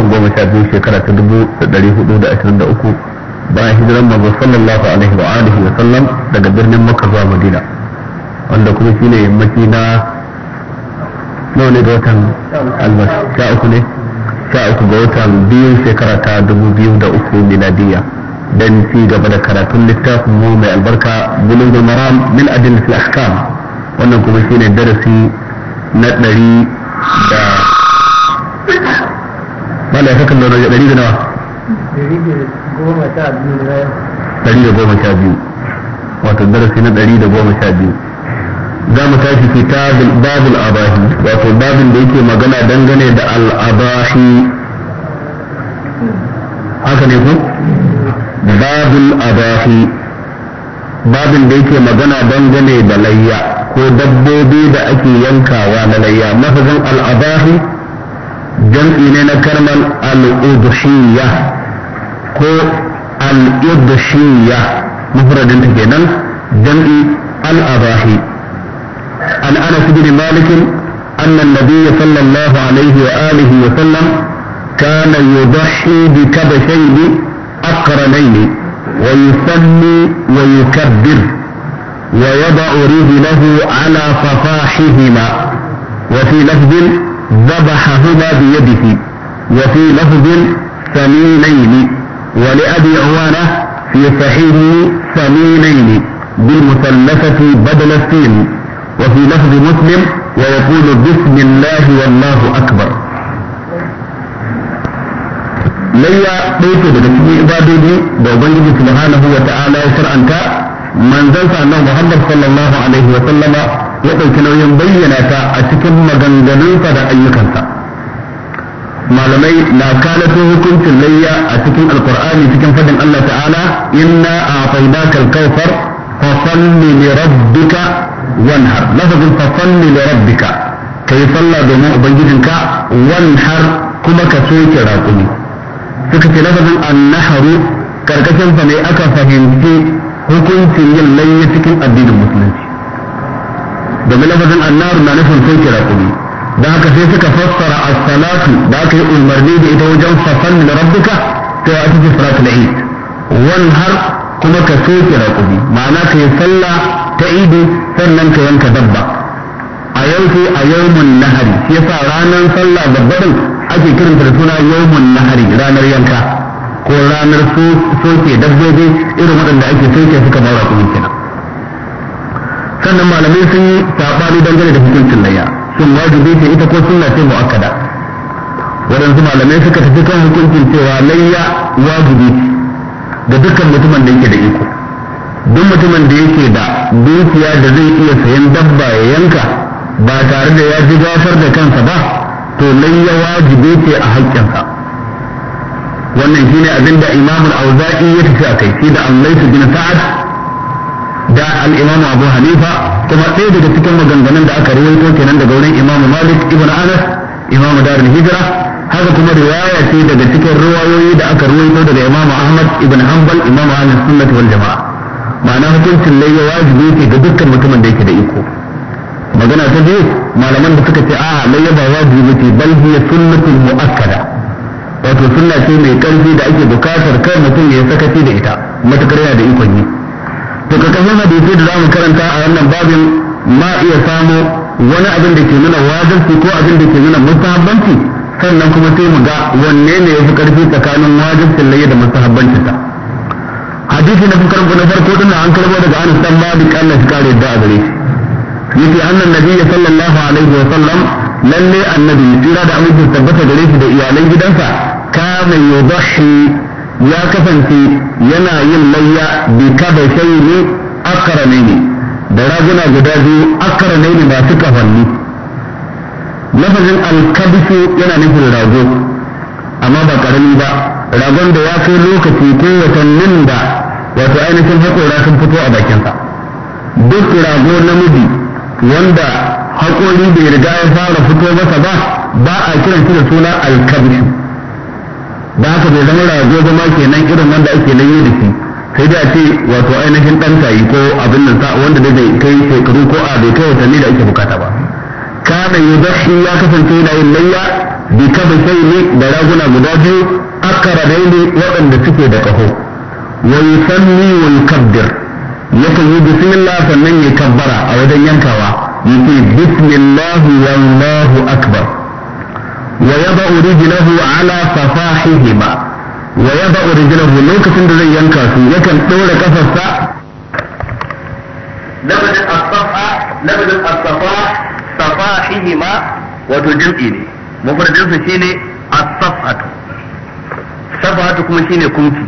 watan goma sha biyu shekara ta dubu da ɗari hudu da ashirin da uku bayan hijiran manzo sallallahu alaihi wa alihi wa sallam daga birnin makka zuwa madina wanda kuma shine yammaci na nawa ne ga watan almas sha uku ne sha uku ga watan biyu shekara ta dubu biyu da uku miladiya dan ci gaba da karatun littafin mu mai albarka bulugul maram min adillatil ahkam wannan kuma shine darasi na ɗari da wala ya kakan lura ɗari da nawa ɗari da goma sha biyu wato darasi na ɗari da goma sha biyu za mu tashi kitabul babul abahi wato babin da yake magana dangane da al'abahi haka ne ku babul abahi babin da yake magana dangane da layya ko dabbobi da ake yankawa na layya mafazin al'abahi jam'i ne na karman al'udhiyya ko al'udhiyya mufradin ta kenan jam'i al'abahi an anas bin malik أن النبي صلى الله عليه وآله وسلم كان يضحي بكبشين أقرنين ويسمي ويكبر ويضع رجله على صفاحهما وفي لفظ ذبحهما بيده وفي لفظ ثمينين ولأبي عوانة في صحيح ثمينين بالمثلثة بدل السين وفي لفظ مسلم ويقول بسم الله والله أكبر ليا بيت بدل عباده بوبيه سبحانه وتعالى وشرعا كا من زلت أنه محمد صلى الله عليه وسلم ya ɗauki nauyin bayyana ta a cikin maganganunsa da ayyukansa malamai na kalato hukuncin layya a cikin alkur'ani cikin fadin Allah ta'ala inna a faida kawthar fa salli li rabbika wanhar lafazin fa salli li rabbika kai salla domin ubangijinka wanhar kuma ka soke raƙumi suka ce lafazin annaharu karkashin sa ne aka fahimci hukuncin yin layya cikin addinin musulunci domin lafazin annaru na nufin soke raƙumi da haka sai suka fassara as-salatu da aka yi umarni da ita wajen fasalli da rabbuka sai a cikin salatu na id wani har kuma ka soke raƙumi ma'ana ka yi sallah ta ido sannan ka yanka dabba a yau sai a yawmun nahari shi yasa ranar sallah babban ake kiranta da suna yawmun nahari ranar yanka ko ranar soke dabbobi irin waɗanda ake soke suka bawa raƙumi kenan sannan malamai sun yi sabani dangane da hukuncin layya sun wajibi ce ita ko sunna ce muakkada waɗansu malamai suka tafi kan hukuncin cewa layya wajibi ga dukkan mutumin da yake da iko duk mutumin da yake da dukiya da zai iya sayan dabba ya yanka ba tare da ya ji gafar da kansa ba to layya wajibi ce a haƙƙinsa wannan shine abinda imamul auza'i ya tafi a kai shi da allaisu bin sa'ad da al-imamu abu hanifa kuma ɗaya daga cikin maganganun da aka rawaito kenan daga wurin Imam malik ibn anas imamu darul hijra haka kuma riwaya ce daga cikin riwayoyi da aka rawaito daga imamu ahmad ibn hanbal imamu ahmad sunnah wal jamaa ma'ana hukuncin ne ya wajibi ce ga dukkan mutumin da yake da iko magana ta biyu malaman da suka ce a lai ba wajibi ce bal hiya sunnatul muakkada wato sunna ce mai karfi da ake bukatar kar mutum ya sakaci da ita matakar yana da ikon yi to na dubi da zamu karanta a wannan babin ma iya samo wani abin da ke nuna wajibci ko abin da ke nuna musahabbanci sannan kuma sai mu ga wanne ne ya fi karfi tsakanin wajibcin layi da musahabbancin ta hadisi na fukar na farko dana an karbo daga Anas dan Malik Allah shi kare da gare shi yace annan sallallahu alaihi wa sallam lalle annabi jira da amince tabbata gare shi da iyalan gidansa kana yudahi ya kasance yana yin layya bi kada shayi ne akara ne da raguna guda biyu akara ne masu kafanni lafazin alkabisu yana nufin rago amma ba karami ba ragon da ya kai lokaci ko watannin da wato ainihin haƙora sun fito a bakinsa duk rago namiji wanda haƙori bai riga ya fara fito masa ba ba a kiran shi da suna alkabisu da haka bai zama rago zama kenan irin wanda ake nan da shi sai da ce wato ainihin dan tayi ko abin nan wanda da zai kai shekaru ko a bai kai watanni da ake bukata ba kana yudahi ya kasance yana yin layya bi kafa sai ne da raguna guda biyu akara da ne waɗanda suke da kaho wa yusanni wa ya yakan yi bismillah sannan ya kabbara a wajen yankawa yake bismillah wallahu akbar ويضع رجله على صفاحهما ويضع رجله لوكة زي ينكاسي يكن طول كفصة لبد الصفاح لبد الصفاح صفاحهما وتجمعيني مفرد جنس شيني الصفحة صفحة كما شيني كنتي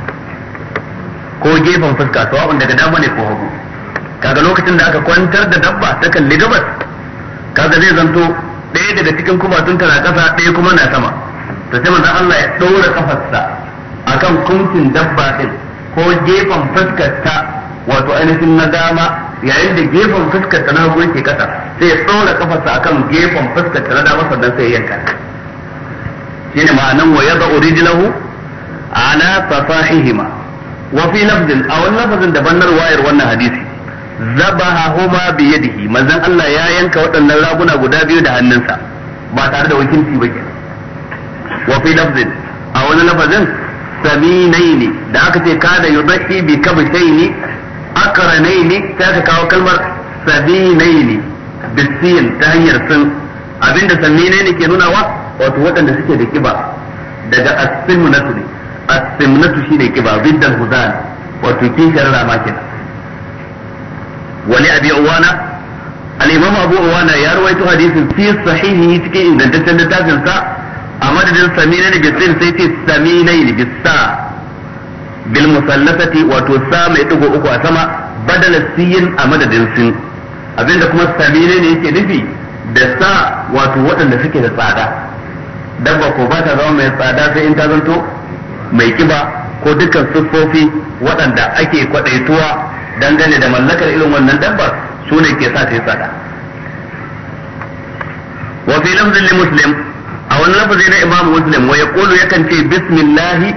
ko gefen fuska sawa'un daga dama ne ko hagu kaga lokacin da aka kwantar da dabba ta kalli gabas kaga zai zanto ɗaya daga cikin tun tana ƙasa ɗaya kuma na sama to sai manzo Allah ya ɗaura kafarsa akan kuncin dabba din ko gefen fuskarta wato ainihin na dama yayin da gefen fuskarta na hagu yake ƙasa sai ya ɗaura kafarsa akan gefen fuskarta na dama sannan sai ya yanka shine ma'anan wa yada'u rijlahu ala safahihima wa fi lafzin a wani lafazin daban na ruwayar wannan hadisi huma bi yadihi manzon Allah ya yanka waɗannan raguna guda biyu da hannunsa ba tare da wakilci ba kenan wa fi lafzin a wani lafazin saminaini da aka ce kada yudhi bi kabshaini akranaini sai aka kawo kalmar Saminaini. bisiyin ta hanyar sun abinda saminaini ke nunawa wato waɗanda suke da kiba daga asimnatu ne asimnatu shine kiba biddal huzan wato kishar rama kenan wani abi uwana al-imam abu uwana ya rawaito hadisin fi sahihi cikin ingantaccen littafin sa a madadin ne bisin sai ce ne bisa bil musallasati wato sa mai dugo uku a sama badala siyin a madadin sin abinda kuma ne yake nufi da sa wato waɗanda suke da tsada dabba ko ba ta zama mai tsada sai in ta zanto mai kiba ko dukkan siffofi waɗanda ake kwaɗaituwa dangane da mallakar irin wannan dabbar su ne ke sa ta yi tsada wa fi lafzin li muslim a wani lafazi na Imam muslim wa Kulu, yakan ce bismillahi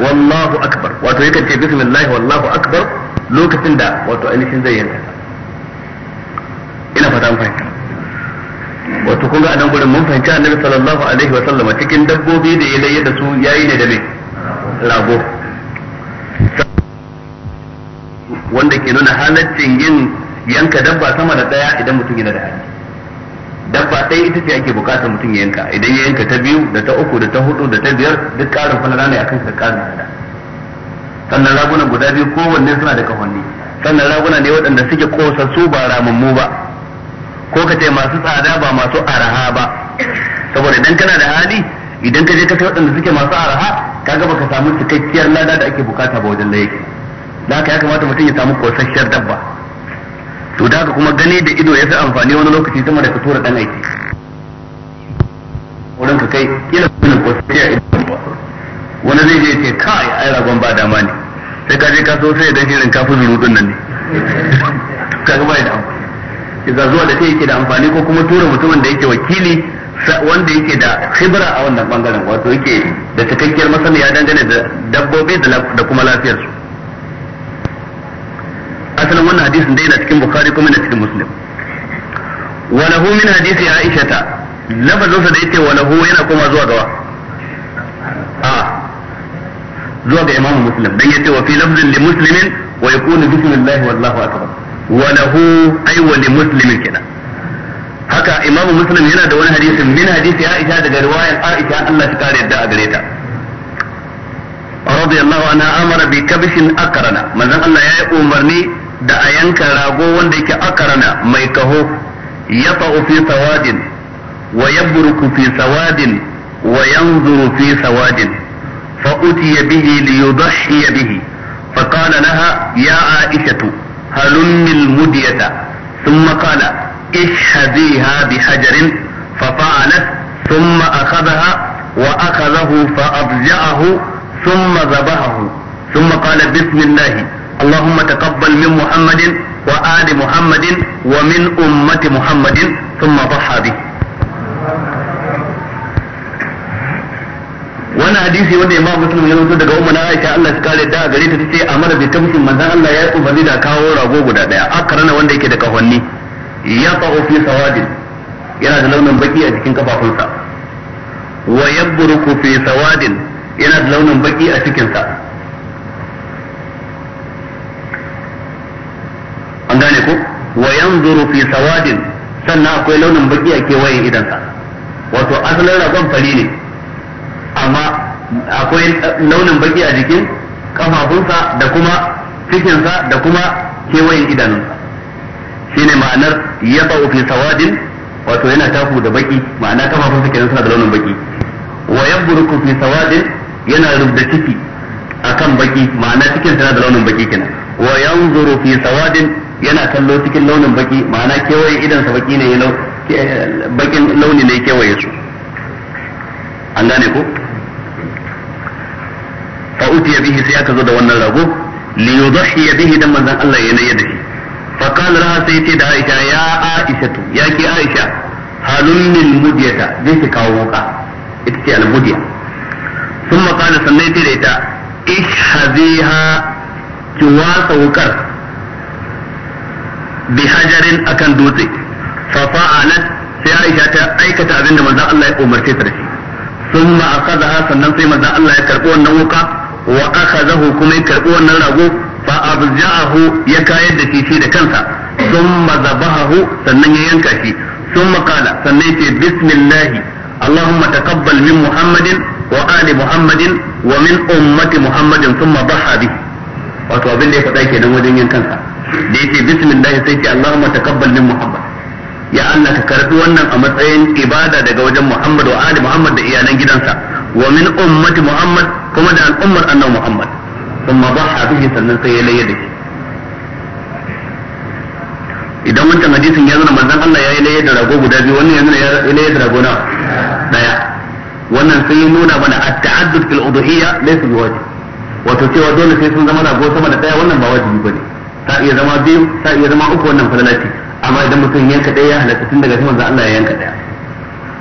wallahu akbar wato yakan ce bismillahi wallahu akbar lokacin da wato ainihin zai yanka ina fata mun fahimta wato kun ga nan gurin mun fahimci annabi sallallahu alaihi wa sallama cikin dabbobi da ya layyada su yayi ne da me rago wanda ke nuna halaccin yin yanka dabba sama da daya idan mutum yana da hali dabba ɗaya ita ce ake bukatar mutum ya yanka idan ya yanka ta biyu da ta uku da ta hudu da ta biyar duk ƙarin falala ne akan sa ƙarin hada sannan ragunan guda biyu kowanne suna da kahonni sannan raguna ne waɗanda suke su ba ramammu ba ko ka ce masu tsada ba masu araha ba saboda idan kana da hali idan ka je ka kai waɗanda suke masu araha kaga baka samu cikakkiyar lada da ake bukata ba wajen laifi da haka ya kamata mutum ya samu kosasshiyar dabba to da haka kuma gani da ido ya fi amfani wani lokaci sama da ka tura dan aiki wurin ka kai kila kuma kosasshiyar ido ba wani zai je ce kai ai ragon ba dama ne sai ka je ka so sai dan shirin kafin zurudun nan ne ga bai da amfani idan zuwa da sai yake da amfani ko kuma tura mutumin da yake wakili wanda yake da khibra a wannan bangaren wato yake da cikakkiyar masaniya dangane da dabbobi da kuma lafiyarsu asalin wannan hadisin dai yana cikin bukhari kuma yana cikin muslim wa lahu min hadisi aisha ta lafazin sa da yake wa lahu yana koma zuwa gawa a zuwa ga imamu muslim dan yace wa fi lafzin li muslimin wa yakunu bismillahi wallahu akbar wa lahu ay wa li muslimin kida haka imamu muslim yana da wani hadisin min hadisi aisha daga riwayar aisha Allah ta kare yadda a ta رضي الله عنها امر بكبش اقرن من الله يا امرني da a yanka rago wanda yake akarana mai kaho ya fi sawadin wa ya fi sawadin wa yanzuru fi sawadin fa utiya bihi li yudhiya bihi fa qala laha ya aishatu halummi al mudiyata thumma qala ishhadiha bi hajarin fa fa'alat thumma akhadhaha wa akhadhahu fa abja'ahu thumma dhabahahu thumma qala Bismillahi. اللهم تقبل من محمد وآل محمد ومن أمة محمد ثم ضحى به wannan hadisi wanda imam muslim ya rubuta daga umma aisha Allah ya kare da gare ta tace amara bi tabsin manzon Allah ya umarni da kawo rago guda daya akarana wanda yake da kahonni ya ta'u fi sawadin yana da launin baki a cikin kafafunsa wa yabruku fi sawadin yana da launin baki a cikin sa an gane ko wa yanzuru fi sawadin sannan akwai launin baki a kewayen idansa wato asalin ragon fari ne amma akwai launin baki a jikin kafafunsa da kuma cikinsa da kuma kewayen idanunsa shine ma'anar ya ba'u fi sawadin wato yana tafu da baki ma'ana kafafunsa kenan suna da launin baki wa yabruku fi sawadin yana rubda ciki akan baki ma'ana cikin tana da launin baki kenan wa yanzuru fi sawadin yana kallo cikin launin baki ma'ana kewaye idansa baki ne ya bakin launi ne kewaye su an gane ko fa ya bihi sai aka zo da wannan rago li ya bihi dan manzon Allah ya nayi da shi fa qala ra sai ce da Aisha ya Aisha ya ki Aisha halummin mudiyata zai ki kawo ka ita ce al-mudiya thumma qala sannai ce da ita ishhaziha ki wasa wukar bi hajarin akan dutse fa fa'alat sai Aisha ta aikata abinda manzon Allah ya umarce ta da shi thumma akhadha sannan sai manzon Allah ya karbi wannan wuka wa akhadahu kuma ya karbi wannan rago fa abja'ahu ya kayar da shi da kansa thumma zabahahu sannan ya yanka shi thumma qala sannan ya ce bismillah اللهم Muhammadin wa محمد وآل محمد ومن أمة محمد ثم ضحى به wato abin da ya faɗa kenan wajen yin kansa da yake bismillah sai ce Allahumma taqabbal min Muhammad ya Allah ka karbi wannan a matsayin ibada daga wajen Muhammad wa ali Muhammad da iyalan gidansa wa min ummati Muhammad kuma da al'ummar annabi Muhammad kuma ba bihi sannan sai ya laye da shi idan wancan hadisin ya nuna manzon Allah ya yi laye da rago guda biyu wannan ya nuna ya laye da rago na daya wannan sai ya nuna mana at-ta'addud fil udhiyya laysa biwajib wato cewa dole sai sun zama rago sama da daya wannan ba wajibi bane ta iya zama biyu ta iya zama uku wannan fadalati amma idan mutum yanka ɗaya ya halatta tun daga za Allah ya yanka ɗaya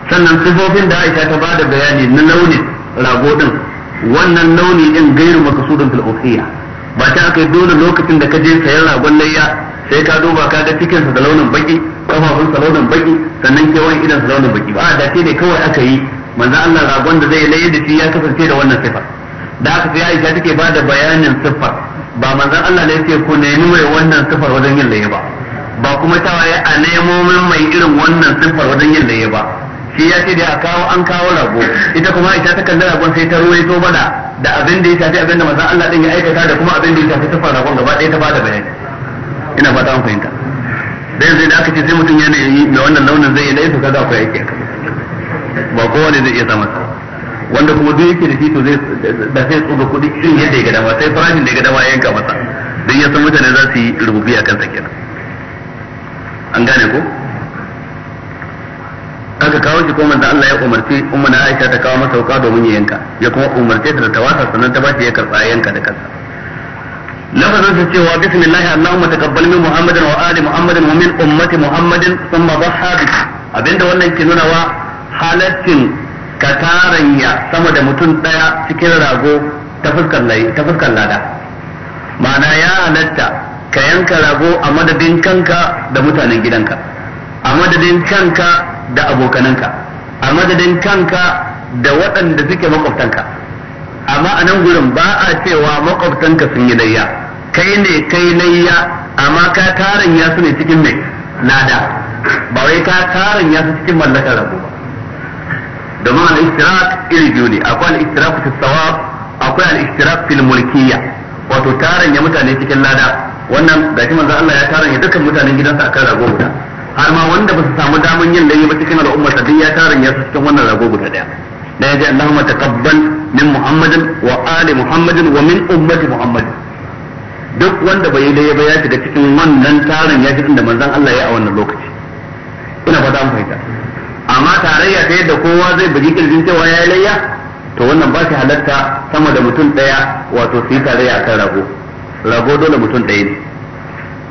sannan sifofin da Aisha ta bada bayani na launin rago din wannan launi din gairu makasudin fil ukhiyya ba ta kai dole lokacin da ka je sayan ragon layya sai ka duba ka ga cikinsa sa da launin baki kafafun launin baki sannan kewayen idan sa launin baki ba da ne kawai aka yi manzo Allah ragon da zai layya da shi ya kasance da wannan sifa da aka sai Aisha take bada bayanin siffar ba manzan Allah ne ce ku nemi mai wannan sifar wajen yin laye ba ba kuma cewa ya a nemo min mai irin wannan sifar wajen yin laye ba shi ya ce da a kawo an kawo rago ita kuma ita ta kalli ragon sai ta ruwaito bada da abin da ya shafi abin da manzan Allah din ya aikata da kuma abin da ya shafi sifar ragon gaba ɗaya ta bada bayani ina fata an fahimta da yanzu da aka ce sai mutum yana yi da wannan launin zai yi laifi kaza akwai aiki ba kowane zai iya sa wanda kuma duk yake da shi to zai da sai tsoga kuɗi shin yadda ya ga dama sai farashin da ya ga dama yanka masa dan ya san mutane za su yi rububi a kansa kenan an gane ko aka kawo shi kuma manzo Allah ya umarci umma na Aisha ta kawo masa wuka domin ya yanka ya kuma umarce ta da tawasa sannan ta shi ya karba yanka da kansa lafazin sa cewa bismillah Allahumma taqabbal min Muhammadin wa ali Muhammadin wa min ummati Muhammadin thumma dhahabi abinda wannan ke nuna wa halaccin ka taranya sama da mutum ɗaya cikin rago ta fuskar lada ma'ana ya halatta ka yanka rago a madadin kanka da mutanen gidanka a madadin kanka da abokananka a madadin kanka da waɗanda suke makwabtanka amma a nan gurin ba a cewa makwabtanka sun yi layya kai ne kai layya amma ka taranya su ne cikin mai lada ba wai ka taranya su cikin mallakar rago ba ma al-ishtirak iri biyu ne akwai al-ishtirak fi sawab akwai al-ishtirak fil mulkiyya wato ya mutane cikin lada wannan da shi manzo Allah ya ya dukkan mutanen gidansa akan rago guda har ma wanda ba su samu daman yin yi ba cikin al'umma ta ya taranya su cikin wannan rago guda daya da ya Allahumma taqabbal min Muhammadin wa ali Muhammadin wa min ummati Muhammadin duk wanda bai da ya shiga cikin wannan tarin ya cikin da manzon Allah ya a wannan lokaci ina fata an fahimta amma tarayya ta yadda kowa zai bugi kirjin cewa ya yi layya to wannan ba shi halatta sama da mutum ɗaya wato su yi tarayya kan rago rago dole mutum ɗaya ne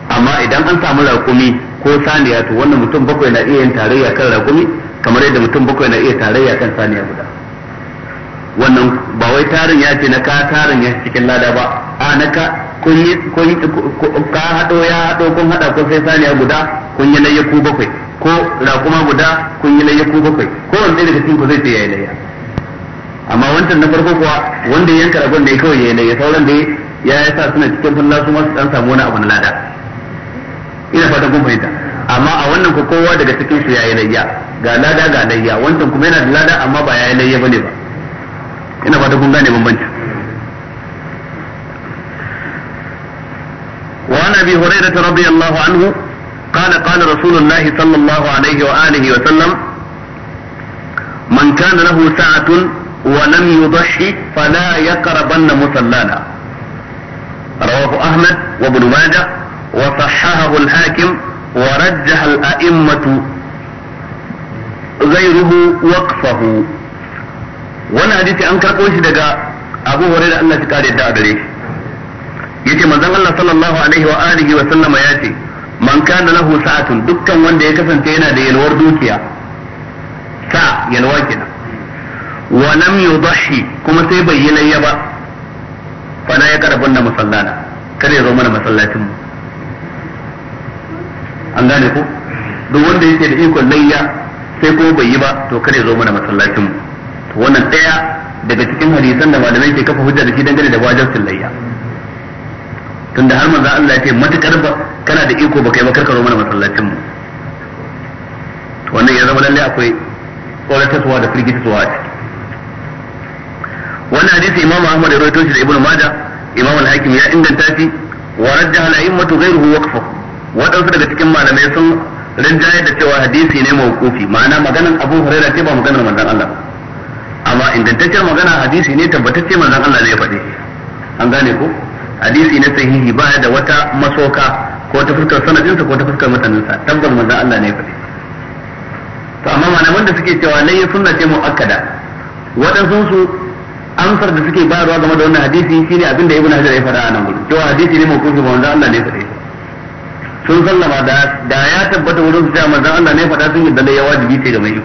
amma idan an samu raƙumi ko saniya to wannan mutum bakwai na iya yin tarayya kan raƙumi kamar yadda mutum bakwai na iya tarayya kan saniya guda wannan ba wai tarin ya ce na ka tarin ya cikin lada ba a na ka kun yi ka haɗo ya haɗo kun haɗa kun sai saniya guda kun yi layya ku bakwai ko raƙuma guda kun yi layya ko bakwai ko wanda daga cikin ku zai ce yi layya amma wancan na farko kuwa wanda yanka ragon da ya kawai yayi layya sauran da ya ya sa suna cikin fulla su masu dan samu wani abu na lada ina fatan kun fahimta amma a wannan ko kowa daga cikin su yayi layya ga lada ga layya wancan kuma yana da lada amma ba yayi layya bane ba ina fatan kun gane bambanci وعن ابي هريره رضي الله عنه قال قال رسول الله صلى الله عليه وآله وسلم من كان له ساعة ولم يضحي فلا يقربن مصلانا رواه أحمد وابن ماجه وصححه الحاكم ورجح الأئمة غيره وقفه wannan hadisi an karɓo shi daga Abu Hurairah Allah ya kare da gare shi yace manzon Allah sallallahu alaihi wa alihi wa sallama yace man kana lahu sa'atun dukkan wanda ya kasance yana da yalwar dukiya sa yalwa kenan wa lam yudhi kuma sai bai yi layya ba fa na la da musallana kada ya zo mana masallacin mu an gane ko duk wanda yake da ikon layya sai kuma bai yi ba to kada ya zo mana masallacin mu to wannan daya daga cikin hadisan da malamai ke kafa hujja da shi dangane da wajibin layya tunda har manzo Allah ya ce matukar ba kana da iko baka yi ba karkaro mana masallacin mu wannan ya zama lalle akwai tsoratarwa da firgitarwa a ciki wannan hadisi imamu ahmad ya rawaito shi da ibnu majah imamu al-hakim ya inganta shi wa rajjaha al-a'immatu ghayruhu waqfahu wadansu daga cikin malamai sun rinjaye da cewa hadisi ne mawqufi ma'ana maganan abu hurairah ce ba maganar manzon Allah amma ingantaccen magana hadisi ne tabbatacce manzon Allah ne ya faɗi an gane ko hadisi na sahihi ba da wata masoka ko ta fuskar sanadinsa ko ta fuskar masaninsa tabbar manzan Allah ne faɗi to amma malaman da suke cewa lai sunna ce muakkada waɗansu su amsar da suke bayarwa game da wannan hadisi shine abin da ibnu hajar ya fara nan gudu cewa hadisi ne mawqufi ba manzon Allah ne faɗi sun sallama da da ya tabbata wurin su cewa manzan Allah ne faɗa sun yadda lai ya wajibi ce ga mai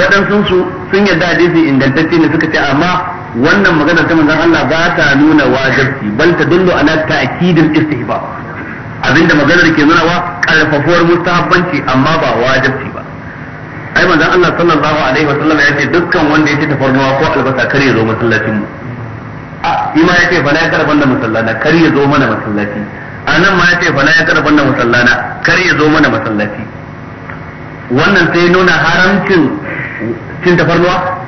waɗansu su sun yadda hadisi ingantacce ne suka ce amma wannan magana ta manzon Allah ba ta nuna wajibi bal ta dullu ala ta'kidil istihba abinda maganar ke nuna wa karfafuwar mustahabbanci amma ba wajibi ba ai manzon Allah sallallahu alaihi wa sallam yace dukkan wanda yake tafarnuwa ko albasa kare zo masallacin mu a ima yace bala ya karban da masallana kare ya zo mana masallaci anan ma yace bala ya karban da masallana kare ya zo mana masallaci wannan sai nuna haramcin cin tafarnuwa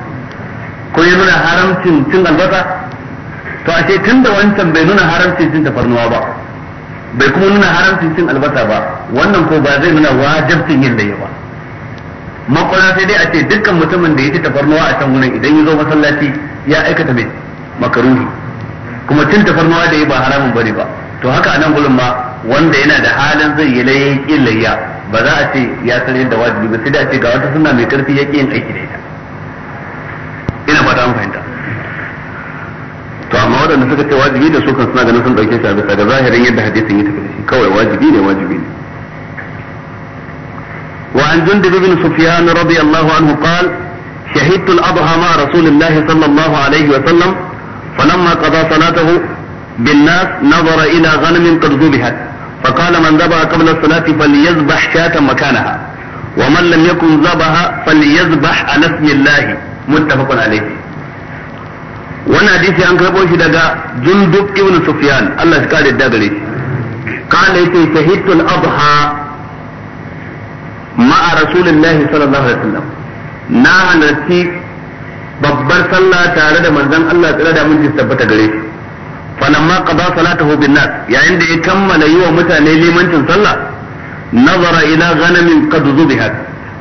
ko ya nuna haramcin cin albasa to a ce tun da wancan bai nuna haramcin cin tafarnuwa ba bai kuma nuna haramcin cin albasa ba wannan ko ba zai nuna wajibcin yin layya ba makwana sai dai a ce dukkan mutumin da ya ci tafarnuwa a can wurin idan ya zo masallaci ya aikata mai makaruhi kuma cin tafarnuwa da ya ba haramun bane ba to haka a nan gurin ma wanda yana da halin zai yi layya layya ba za a ce ya san yadda wajibi ba sai dai a ce ga wata suna mai karfi ya yin aiki da ita ina ba an fahimta to amma waɗanda suka ce wajibi da su kan suna ganin sun ɗauke shi a bisa ga zahirin yadda hadisin ya tafi da shi kawai wajibi ne wajibi ne وعن جندب بن سفيان رضي الله عنه قال شهدت الأضحى مع رسول الله صلى الله عليه وسلم فلما قضى صلاته بالناس نظر إلى غنم قد ذبحت فقال من ذبح قبل الصلاة فليذبح شاة مكانها ومن لم يكن ذبح فليذبح على اسم الله muttafaqun alayhi wannan hadisi an karbo shi daga jundub ibn sufyan Allah ya kare da gare kana yake shahidtu al-adha ma'a rasulullahi sallallahu alaihi wasallam na halarci babbar sallah tare da manzon Allah tsira da mun tabbata gare shi ma qada salatahu bin nas yayin da ya kammala yi wa mutane limancin sallah nazara ila ghanamin qad zubihat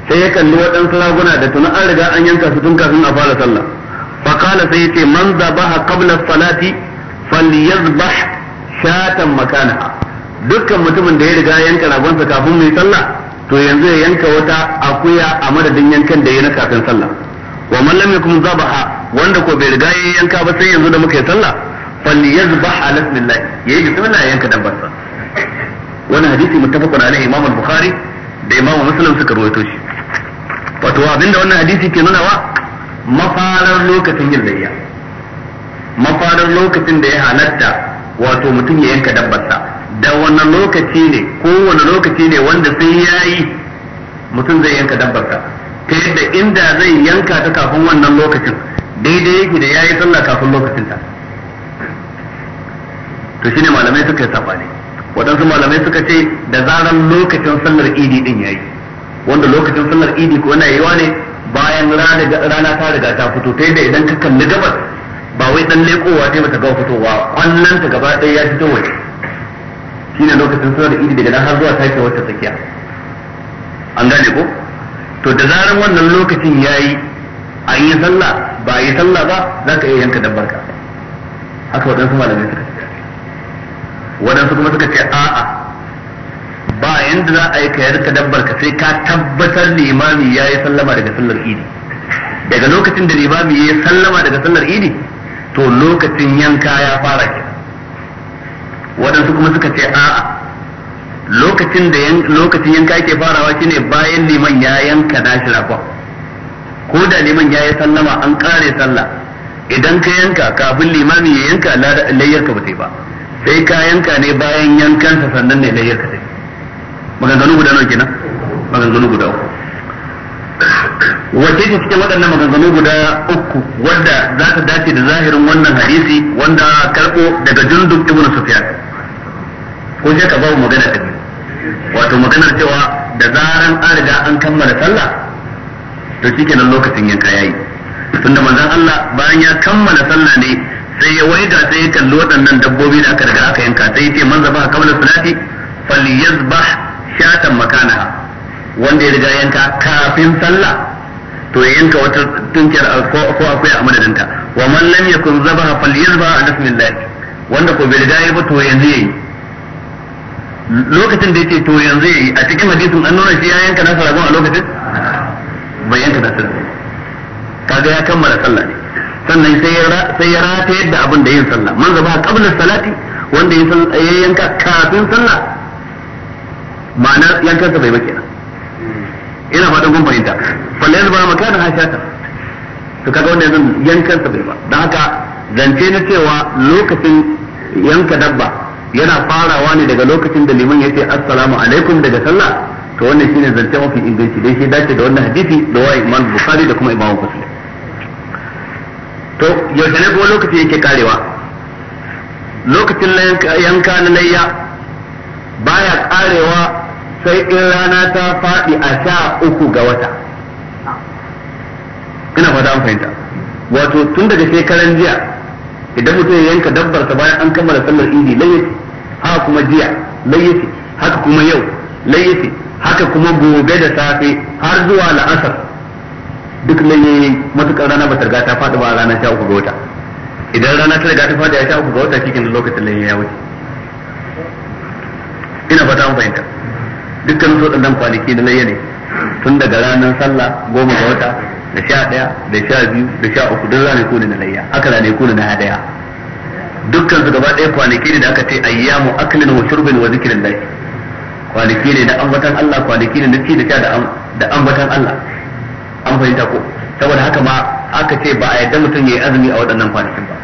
sai ya kalli waɗansu raguna da tuni an riga an yanka su tun kafin a fara sallah faqala sai yace man zabaha qabla salati falyazbah shatan makana. dukkan mutumin da ya riga yanka ragonsa kafin mai sallah to yanzu ya yanka wata akuya a madadin yankan da ya na kafin sallah wa man lam yakun zabaha wanda ko bai riga ya yanka ba sai yanzu da muka yi sallah falyazbah ala bismillah yayi bismillah ya yanka dabbarsa wannan hadisi muttafaqun alaihi imam al-bukhari da imam muslim suka rawaito shi wato abinda wannan hadisi ke nuna wa mafarar lokacin yin layya mafarar lokacin da ya halatta wato mutum ya yanka dabbarsa da wannan lokaci ne kowane lokaci ne wanda sai ya yi mutum zai yanka dabbarsa ta yadda inda zai yanka ta kafin wannan lokacin daidai yake da ya yi sallah kafin lokacinta to shine malamai suka yi safa ne waɗansu malamai suka ce da zaran lokacin sallar idi din ya yi wanda lokacin sallar idi ko yana yiwa ne bayan rana ta riga ta fito ta yadda idan ka kalli gabas ba wai dan lekowa sai bata ga fitowa kwallon ta gaba ɗaya ya fito waje shine lokacin sallar idi daga nan har zuwa take wata tsakiya an gane ko to da zaran wannan lokacin yayi an yi sallah ba yi sallah ba za ka iya yanka dabbar ka haka waɗansu malamai suka ce waɗansu kuma suka ce a'a ba yanda za a yi ka yarka dabbar ka sai ka tabbatar limami ya yi sallama daga sallar idi daga lokacin da limami ya yi sallama daga sallar idi to lokacin yanka ya fara ke waɗansu kuma suka ce a'a lokacin da lokacin yanka ke farawa shine bayan liman ya yanka nashi rafa ko da liman ya yi sallama an kare sallah idan ka yanka kafin limami ya yanka layyarka ba sai ba sai ka yanka ne bayan yankansa sannan ne layyarka sai maganganu guda nan kenan maganganu guda uku wace ce cikin waɗannan maganganu guda uku wadda za ta dace da zahirin wannan hadisi wanda karɓo daga jundub ibn sufyan ko sai ka bawo magana ta biyu wato maganar cewa da zaran an riga an kammala sallah to shikenan lokacin yanka yayi tunda manzon Allah bayan ya kammala sallah ne sai ya waiga sai ya kalli waɗannan dabbobi da aka riga aka yanka sai ya ce manzo ba kamar salati falyazbah shatan makana wanda ya riga yanka kafin sallah to ya yanka wata tunkiyar ko akwai a madadinta wa man lam yakun zabaha falyazba a bismillah wanda ko bai riga ba to yanzu yayi lokacin da yake to yanzu yayi a cikin hadisin an nuna shi ya yanka nasa ragon a lokacin bai yanka nasa ragon kaga ya kammala sallah ne sannan sai ya rata yadda abin da yin sallah man zaba qabla salati wanda ya yanka kafin sallah ma'ana yankan kansa bai ba kenan ina fatan kun fahimta falle yanzu ba kana ha shata to kaga wannan yanzu yankan sa bai ba dan haka zance na cewa lokacin yanka dabba yana farawa ne daga lokacin da liman yace assalamu alaikum daga sallah to wannan shine zance mafi inganci dai shi dace da wannan hadisi da wai imam bukhari da kuma imam muslim to yaushe ne kuma lokacin yake karewa lokacin yanka na layya baya karewa sai in rana ta faɗi a sha uku ga wata ina fata an fahimta wato tun daga shekaran jiya idan mutum ya yanka dabbar ta bayan an kammala sallar idi layyace haka kuma jiya layyace haka kuma yau layyace haka kuma gobe da safe har zuwa la'asar duk layyayi matukar rana ba ta riga ta faɗi ba a ranar sha uku ga wata idan rana ta riga ta faɗi a sha uku ga wata cikin lokacin layyayi ya wuce ina fata an fahimta dukkan su waɗannan kwanaki na layya ne tun daga ranar sallah goma ga wata da sha ɗaya da sha biyu da sha uku duk ranar kuni na layya aka ranar kuni na hadaya dukkan su gaba ɗaya kwanaki ne da aka ce ayyamu aklin wa shurbin wa zikirin lahi kwanaki ne da ambatan Allah kwanaki ne da ci da sha da ambatan Allah an fahimta ko saboda haka ma aka ce ba a yadda mutum ya yi azumi a waɗannan kwanakin ba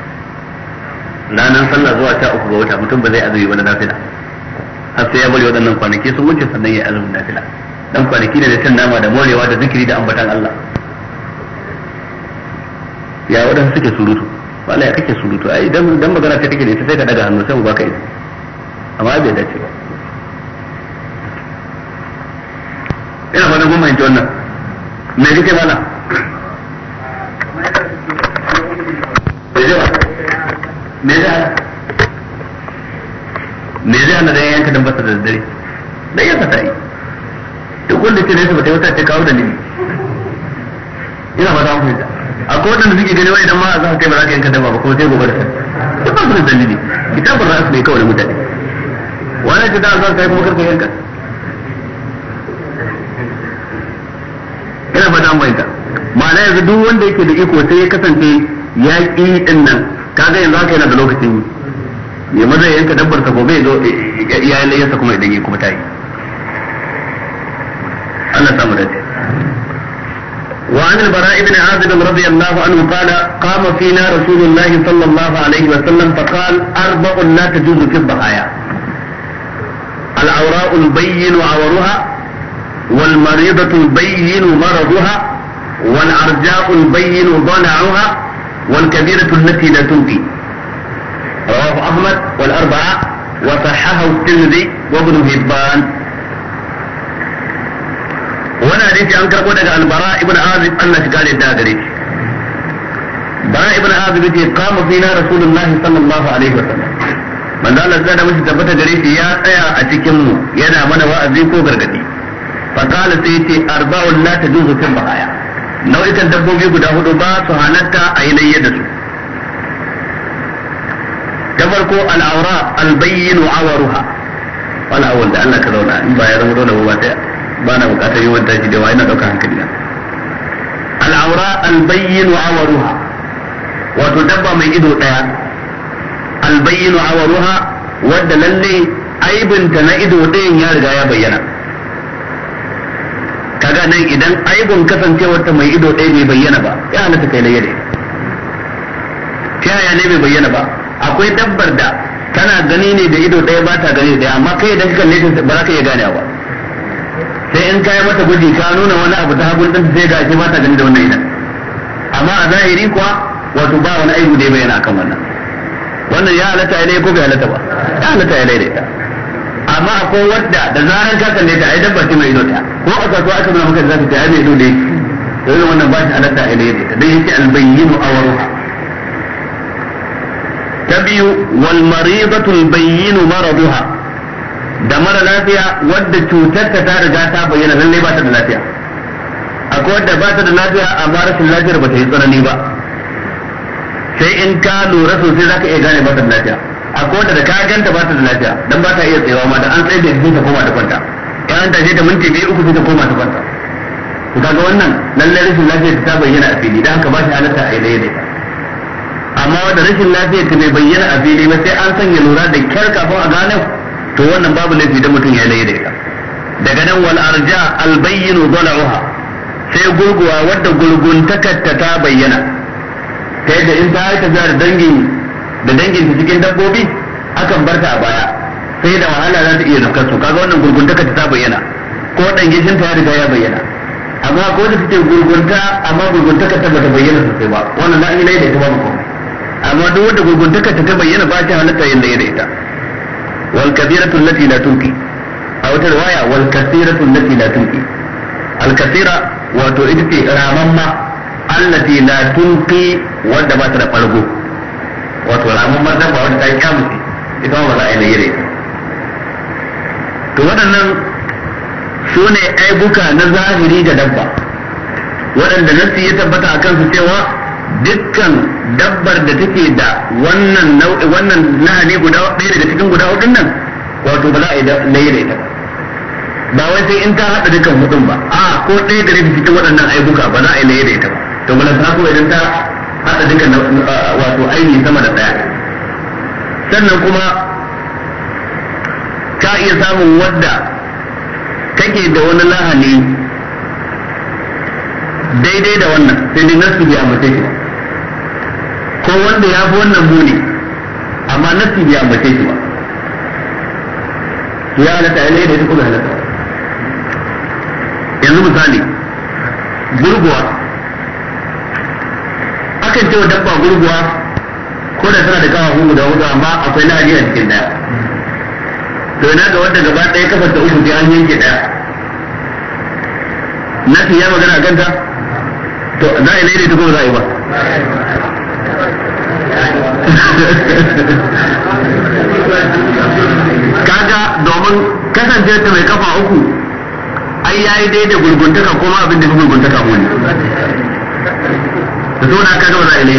ranar sallah zuwa sha uku ga wata mutum ba zai azumi wani nafila har sai ya bari waɗannan kwanaki sun wuce sannan ya azumin nafila dan kwanaki ne da cin nama da morewa da zikiri da ambatan Allah ya waɗansu suke surutu wala ya kake surutu ai idan idan magana ta kake da ita sai ka daga hannu sai mu baka izini amma bai dace ba ina fata kuma fahimci wannan me kike mana me me da me zai ana da yanka dan basa da dare da yanka ta yi duk wanda ke nesa bata wata ce kawo da ni ina ba za mu fita akwai wadanda suke gani wai idan ma za ka kai ba za ka yanka dabba ba kuma sai gobe da kai duk ba su da dalili kitabun ra'as ne kawai mutane wani ce da za ka kai kuma karka yanka ina ba za mu fita ma'ana yanzu duk wanda yake da iko sai ya kasance ya ƙi din nan kaga yanzu haka yana da lokacin yi ya maza ya yanka dabbar sa gobe zo ya yi layyarsa kuma idan ya kuma tayi Allah samu dace وعن البراء بن عازب رضي الله عنه قال قام فينا رسول الله صلى الله عليه وسلم فقال أربع لا تجوز في الضحايا العوراء البين عورها والمريضة البين مرضها والعرجاء البين ضلعها والكبيرة التي لا تبكي رواه أحمد والأربعة وصححه الترمذي وابن هبان wani hadisi an karɓo daga albara ibn azib Allah shi kare da gare shi bara ibn azib yace qama fina rasulullahi sallallahu alaihi wasallam manzo Allah sai da mushi tabbata gare shi ya tsaya a cikin mu yana mana wa'azi ko gargadi fa qala sai yace arba'un la tajuzu fil nau'ikan dabbobi guda hudu ba su halatta a layya da su da farko al'aura albayyinu awaruha wala awal da Allah ka zauna in ba ya zama dole ba sai ba na bukatar yawan tashi da wai na dauka hankali na al'aura albayyinu awaruha wato dabba mai ido daya albayyinu awaruha wadda lalle aibinta na ido ɗayan ya riga ya bayyana kaga nan idan aibin kasancewarta mai ido ɗaya bai bayyana ba ya halatta kai layyade ta yaya ne bai bayyana ba akwai dabbar da tana gani ne da ido ɗaya ba ta gani ɗaya amma kai da kalle nesa ba za ka iya gane ba sai in kai mata gudi ka nuna wani abu ta hagun ɗin sai gashi ba ta gani da wannan idan amma a zahiri kuwa wato ba wani aibu da ya bayyana akan wannan wannan ya halatta ya ko bai halatta ba ya halatta ya da ita amma akwai wadda da zaran ka da ta ai dabbar ce mai ido ɗaya ko a kasuwa aka nuna maka da za ta ta ai mai ido da to wannan ba shi halatta ya da ita dan yake albayyinu awruha ta biyu wal maridatul bayyinu maraduha da mara lafiya wadda cutar ta ta riga ta bayyana lalle ba ta da lafiya akwai wadda ba ta da lafiya amma rashin lafiyar ba ta yi tsanani ba sai in ka lura sosai zaka iya gane ba ta da lafiya akwai wadda da ka ganta ba ta da lafiya dan ba ta iya tsayawa ma da an tsaye da jikin ta koma ta kwanta bayan da je da minti biyu uku ta koma ta kwanta kaga wannan lalle rashin lafiyar ta bayyana a fili dan haka ba ta halatta a yi daidai amma wanda rashin lafiya ta bai bayyana a fili ba sai an sanya lura da kyar kafin a gane to wannan babu laifi da mutum ya laye da ita daga nan wal arja al bayyinu dala'uha sai gurguwa wadda gurguntakarta ta bayyana ta yadda in ta haika da dangin da dangin cikin dabbobi akan barta a baya sai da wahala za ta iya zafkar su kaga wannan gurguntakarta ta bayyana ko dan gishin ta riga ya bayyana amma ko da take gurgunta amma gurguntakarta bata bayyana sosai ba wannan da an yi da ita ba mu komai amma duk wanda gurguntaka ta bayyana ba ta halatta yanda ya ita wal kabiratu lati la tunqi a wata riwaya wal kasiratu lati la tunqi al kasira wato ita ce ramamma allati la tunqi wanda ba ta da fargo wato ramamma da ba wanda ta kamu ita ba za a yi da ita to waɗannan su ne aibuka na zahiri da dabba waɗanda nasi ya tabbata a kansu cewa dukkan dabbar da take da wannan nau'i wannan lahani guda ɗaya daga cikin guda hudun nan wato ba za a yi layi da ita ba wai sai in ta haɗa dukkan hudun ba a ko ɗaya da rabi cikin waɗannan aibuka ba za a yi layi da ita ba to mun na ko idan ta haɗa dukkan wato aini sama da ɗaya sannan kuma ka iya samun wadda take da wani lahani daidai da wannan sai dai nasu bi a mutum ko wanda ya fi wannan muni amma nafsi bai ambace shi ba to ya halatta ya da ita kuma halatta yanzu misali gurguwa akan cewa dabba gurguwa ko da tana da kawo da hudu amma akwai lahani a cikin daya to ina ga wanda gaba ɗaya kafar da uku sai an yanke daya nassi ya magana a kanta to za a yi laida da kuma za a yi ba kaga domin kasance ta mai kafa uku ai yayi dai da gurguntaka kuma abin da gurguntaka mu ne da na kaga ba za a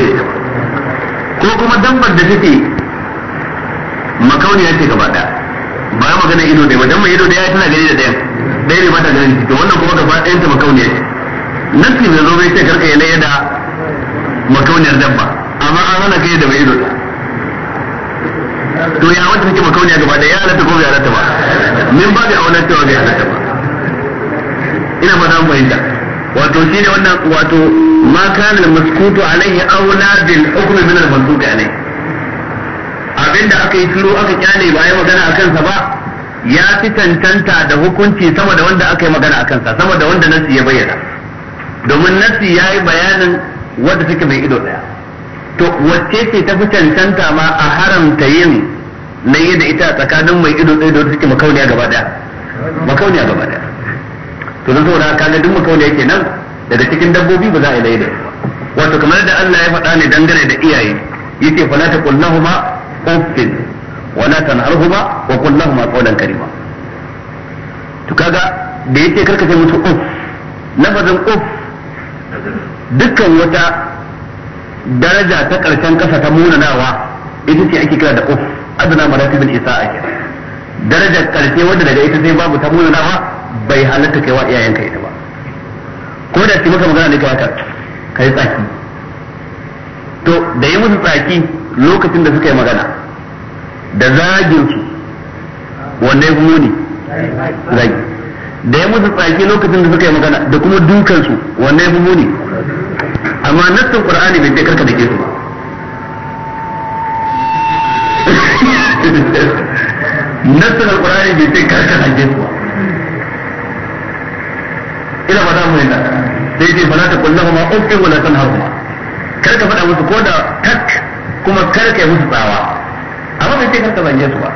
ko kuma dambar da take makauniya ce gaba daya ba ya magana ido ne ba dan mai ido da ya tana gani da ɗayan ɗaya ne ba ta gani to wannan kuma gaba ɗayan ta makauniya ce nasi ne zo bai ce karka ya laye da makauniyar dabba amma an hana kai da mai ido da to ya wanda take makauniya gaba da ya halatta ko bai halatta ba min ba da auna cewa bai halatta ba ina fata mu fahimta wato ne wannan wato ma kana da maskutu alaihi auna bil hukm min al-mansub Abin abinda aka yi turo aka kyale ba ya magana akan sa ba ya fi tantanta da hukunci sama da wanda aka yi magana akan sa sama da wanda nasi ya bayyana domin nasi ya yi bayanin wanda take mai ido daya to wacce ce ta fi cancanta ma a haramta yin na yi da ita tsakanin mai ido ɗaya da wata suke makauniya gaba ɗaya makauniya gaba ɗaya to zan saboda kaga duk makauniya nan, daga cikin dabbobi ba za a yi laye wato kamar da Allah ya faɗa ne dangane da iyaye yace fala taqul lahumu uffin la tanharhuma wa qul lahumu qawlan karima to kaga da yake karkace musu uff lafazin uff dukkan wata daraja ta ƙarshen ƙasa ta munanawa ita ce ake kira da uf Isa maratibul isa'a daraja ƙarshe wanda daga ita sai babu ta munanawa bai halatta kai wa iyayenka ita ba ko da shi maka magana ne ka yi tsaki to da yi musu tsaki lokacin da suka yi magana da zagin su wanda ya muni zagi da ya musu tsaki lokacin da suka yi magana da kuma dukansu wanda ya muni amma nassin qur'ani bai dai karka dake su ba nassin alqur'ani bai dai karka dake su ba ina ba da mu yana sai dai fala ta kullu ma uffin wala tanharuma karka faɗa musu ko da tak kuma karka yi musu tsawa amma bai dai karka zage su ba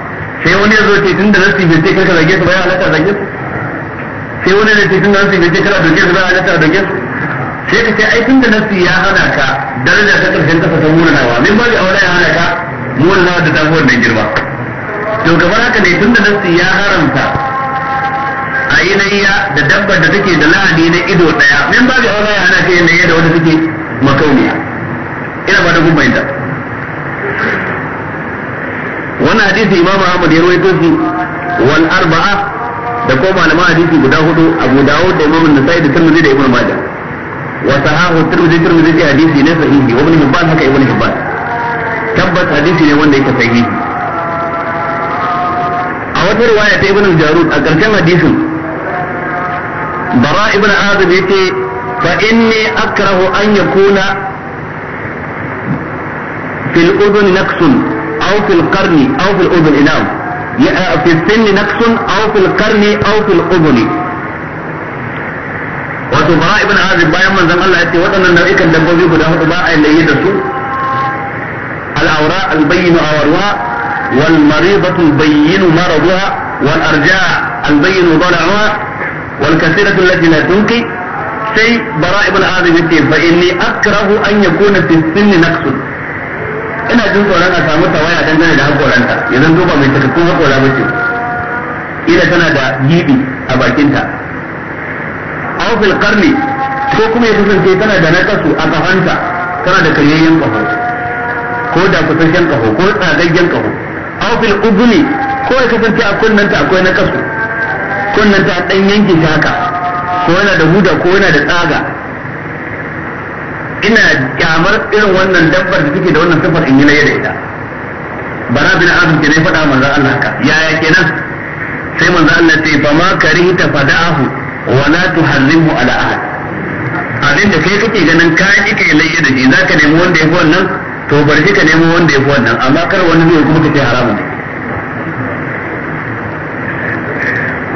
sai wani ya zo ce tun da nassi bai dai karka zage su ba ya halatta zage su sai wani ne ce tun da nassi bai dai karka dake su ba ya halatta dake su sai ka ce ai tun da nasi ya hana ka daraja ta karshen kafa ta murnawa min babu aure ya hana ka murnawa da tafi wannan girma to kamar haka ne tun da nasi ya haramta a yi layya da dabbar da take da la'ani na ido daya min babu aure ya hana ka yin layya da wanda take makauniya ina ba da gumbayin da wannan hadisi imam ahmad ya rawaito shi wal arba'a da ko malaman hadisi guda hudu abu dawud da imam an-nasai da tirmidhi da ibnu majah وتهاه الترمذي الترمذي في حديث ليس هندي وابن حبان هكا ابن حبان تبت حديث لي وين ليس صحيح أو رواية ابن الجارود أكرتم حديث براء ابن عازب يتي فإني أكره أن يكون في الأذن نقص أو في القرن أو في الأذن إنام آه، في السن نقص أو في القرن أو في الأذن. wato bara ibn azib bayan manzon Allah ya ce waɗannan nau'ikan dabbobi guda hudu ba a layi da su al-awra al-bayyin awarwa wal maridatu al-bayyin maraduha wal arja al-bayyin dala'a wal kasiratu allati la tunqi sai bara ibn azib ya ce fa inni akrahu an yakuna fi sinni naqsun ina jin tsoron a samu tawaya dangane da hakoranta yanzu ba mai takakkun hakora ba ce ila tana da gibi a bakinta aw karni ko kuma ya kasance tana da nakasu a kafanta tana da karyayyen kaho ko da kusasshen kaho ko tsagaggen kaho aw fil udni ko ya kasance a kunnanta akwai nakasu kunnanta dan ɗan shi haka ko yana da huda ko yana da tsaga ina kyamar irin wannan dabbar da take da wannan sifar in yi na da ita bara bin azum ke ne faɗa manzan Allah ka. yaya kenan sai manzan Allah ce fa ma karihta fada'ahu wala tuharrimhu ala ahad abin da kai kake ganin ka ki kai layya da shi zaka nemi wanda yafi wannan to bar shi ka nemi wanda yafi wannan amma kar wani zai kuma kace haramun ne.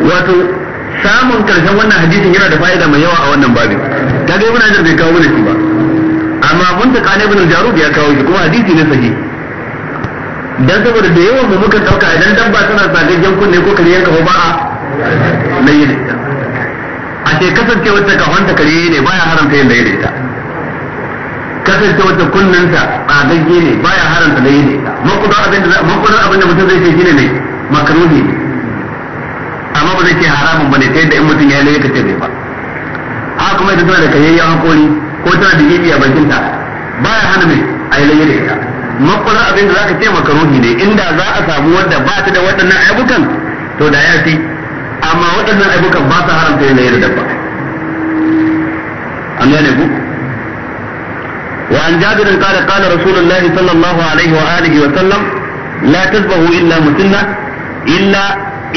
wato samun karshen wannan hadisin yana da fa'ida mai yawa a wannan babin kaga ibn Hajar bai kawo shi ba amma mun ta kana ibn Jarud ya kawo shi kuma hadisi ne sahihi dan saboda da yawan mu muka dauka idan dabba tana sagaggen kunne ko kare yanka ba a layyin da ashe kasancewar ta kafanta kare ne baya haramta yin laye da ita kasance ta kunnanta tsagagge ne baya haramta laye da ita makudar abin da mutum zai ce shine ne makruhi ne amma ba zai ce haramun bane ta yadda in mutum ya laye kace ce bai ba ha kuma ita tana da kayayyen hankali ko tana da gibi a ta baya hana mai a yi laye da ita makudar abin da za ka ce makruhi ne inda za a samu wanda ba ta da waɗannan ayyukan to da ya fi amma waɗannan ayyukan ba su haramta yin laye da dabba an gane ku وعن جابر قال قال رسول الله صلى الله عليه وآله وسلم لا تذبحوا إلا مسنة إلا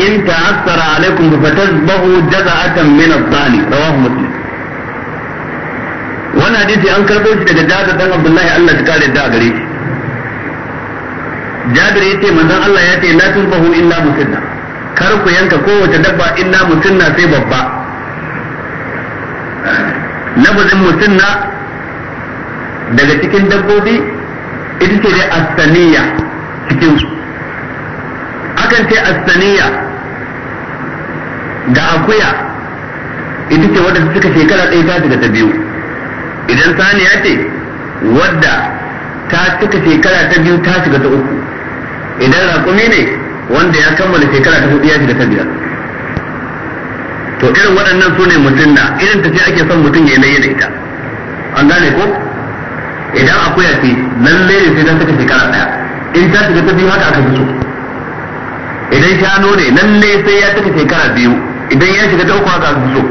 إن تعثر عليكم فتذبحوا جزعة من الضال رواه مسلم wannan hadisi an karɓo shi daga Jabir dan Abdullahi Allah ya kare da gare shi Jabir yace manzon Allah ya ce illa kar ku yanka kowace dabba inna na sai babba mutum na daga cikin dabbobi ita ce dai astaniya cikin su akan ce astaniya ga akuya ita ce wadda suka shekara ɗaya ta shiga ta biyu idan saniya ce wadda ta cika shekara ta biyu ta shiga ta uku idan raƙumi ne wanda ya kammala shekara ta hudu ya shiga ta biyar to irin waɗannan su ne mutum na irin ta ake son mutum ya laye da ita an gane ko idan akuya ce lalle ne sai ta saka shekara ɗaya in ta shiga ta biyu haka aka fi so idan shano ne lalle sai ya saka shekara biyu idan ya shiga ta uku haka aka fi so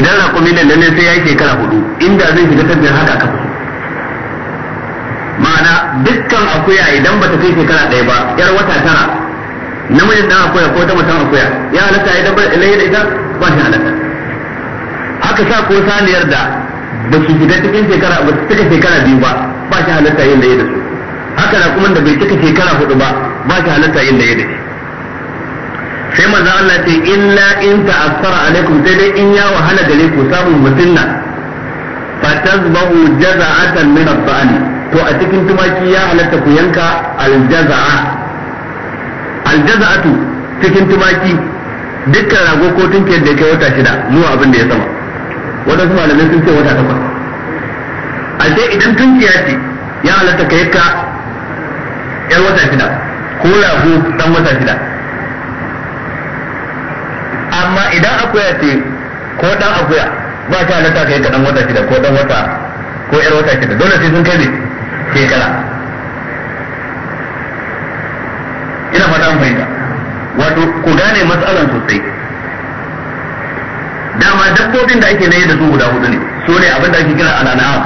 idan rakumi ne lalle sai ya yi shekara hudu inda zai shiga ta biyar haka aka fi so ma'ana dukkan akuya idan ba ta kai shekara ɗaya ba yar wata tara namijin dan akuya ko ta mutum akuya ya halatta idan ba ilai da ita ba shi halatta aka sa ko saniyar da ba su shiga cikin shekara ba su cika shekara biyu ba ba shi halatta yin da ya da su haka na kuma da bai cika shekara hudu ba ba shi halatta yin da ya da shi sai manzo Allah ce illa in ta'assara alaikum sai dai in ya wahala gare ku samun mutunna tazbahu jaza'atan min at-ta'ani to a cikin tumaki ya halatta ku yanka al-jaza'a aljaza'atu cikin tumaki dukkan rago ko tunkiyar da ke wata shida zuwa abin da ya sama wadansu malamai sun ce wata takwas ashe idan tunkiya ce ya halatta ka yanka yar wata shida ko rago dan wata shida amma idan akuya ce ko dan akuya ba ta halatta ka yanka dan wata shida ko dan wata ko yar wata shida dole sai sun kai ne shekara ina fata an fahimta wato ku gane matsalan sosai dama dabbobin da ake nayi da su guda hudu ne so ne abin da ake kira al'an'am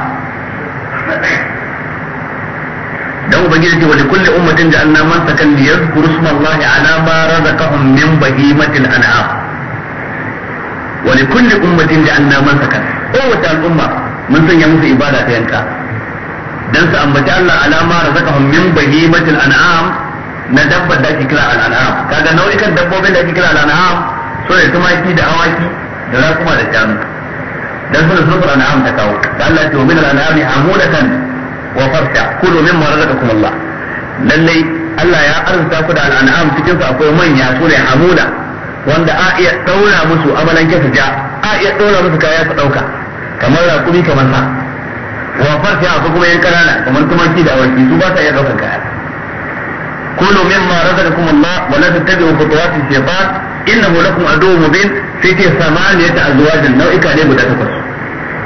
dan ubangiji ce wani kulle ummatin da ja'alna man takan li yadhkuru isma Allah ala ma razaqahum min bahimatil an'a wani kulle ummatin da ja'alna man takan kowace al'umma mun sanya musu ibada ta yanka dan su ambaci Allah ala ma razaqahum min bahimatil an'am na dabbar da ake kira al'an'am kaga nau'ikan dabbobin da ake kira al'an'am so da tumaki da hawaki da rakuma da shanu dan sunan sunan al'an'am ta kawo da Allah ce wa min al'an'am hamulatan wa farsha domin mimma razaqakum Allah lalle Allah ya arzuta ku da al'an'am cikin su akwai manya su ne hamula wanda a iya daura musu amalan kasa ja a iya daura musu kaya su dauka kamar rakumi kamar sa wa farsha ko kuma yan kanana kamar tumaki da awaki su ba sa iya daukan kaya كلوا مما رزقكم الله ولا تتبعوا خطوات الشيطان إنه لكم عدو مبين في ثمانية أزواج النوع كان يبدأ تفسر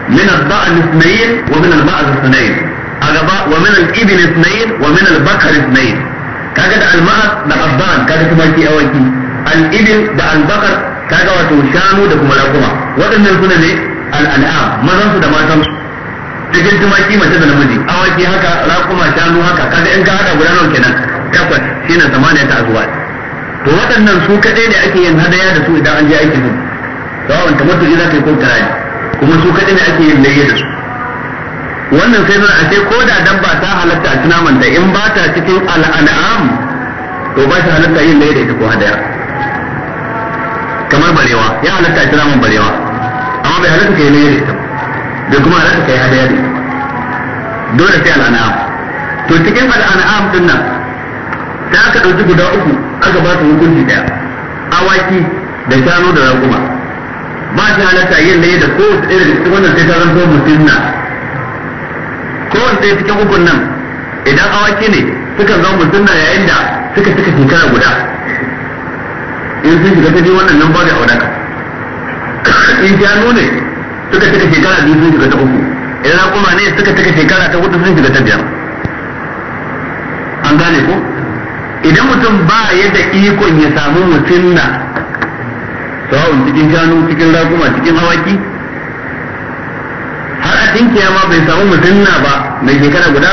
من الضأن اثنين ومن البعض اثنين أغباء ومن الإبل اثنين ومن البكر اثنين كاجد المعز ده الضأن كاجد تمالكي أوانكي الإبل ده البكر كاجد وتوشانو ده كمالاكما وإن الكنا ليه الأنعام مزنس ده ما تنسو cikin tumaki mace da namiji awaki haka raƙuma shanu haka kaga in ka hada guda nawa kenan takwas ne zamanin ta zuwa to waɗannan su kadai ne ake yin hadaya da su idan an je aikin hajji sawa'un tamattu'i za ka yi ko kirani kuma su kadai ne ake yin layya da su wannan sai nuna ashe ko da dan ba ta halatta a tunaman da in ba ta cikin al'an'am to ba ta halatta yin layya da ita ko hadaya kamar barewa ya halatta a tunaman barewa amma bai halatta kai layya da ita bai kuma halatta kai hadaya da ita dole sai al'an'am to cikin al'an'am din nan da aka ɗauki guda uku aka ba su hukunci ɗaya awaki da shanu da raguma ba shi halatta yin laye da kowace irin cikin wannan sai ta zanto musulna kowace cikin hukun nan idan awaki ne sukan zama musulna yayin da suka cika shekara guda in sun shiga ta biyu wannan nan ba da auraka in shanu ne suka cika shekara biyu sun shiga ta uku idan raguma ne suka cika shekara ta hudu sun shiga ta biyar an gane ko idan mutum ba yadda ikon ya samu mutum na sawa'un cikin shanu cikin raguma cikin hawaki har a cikin kiyama bai samu mutum na ba mai shekara guda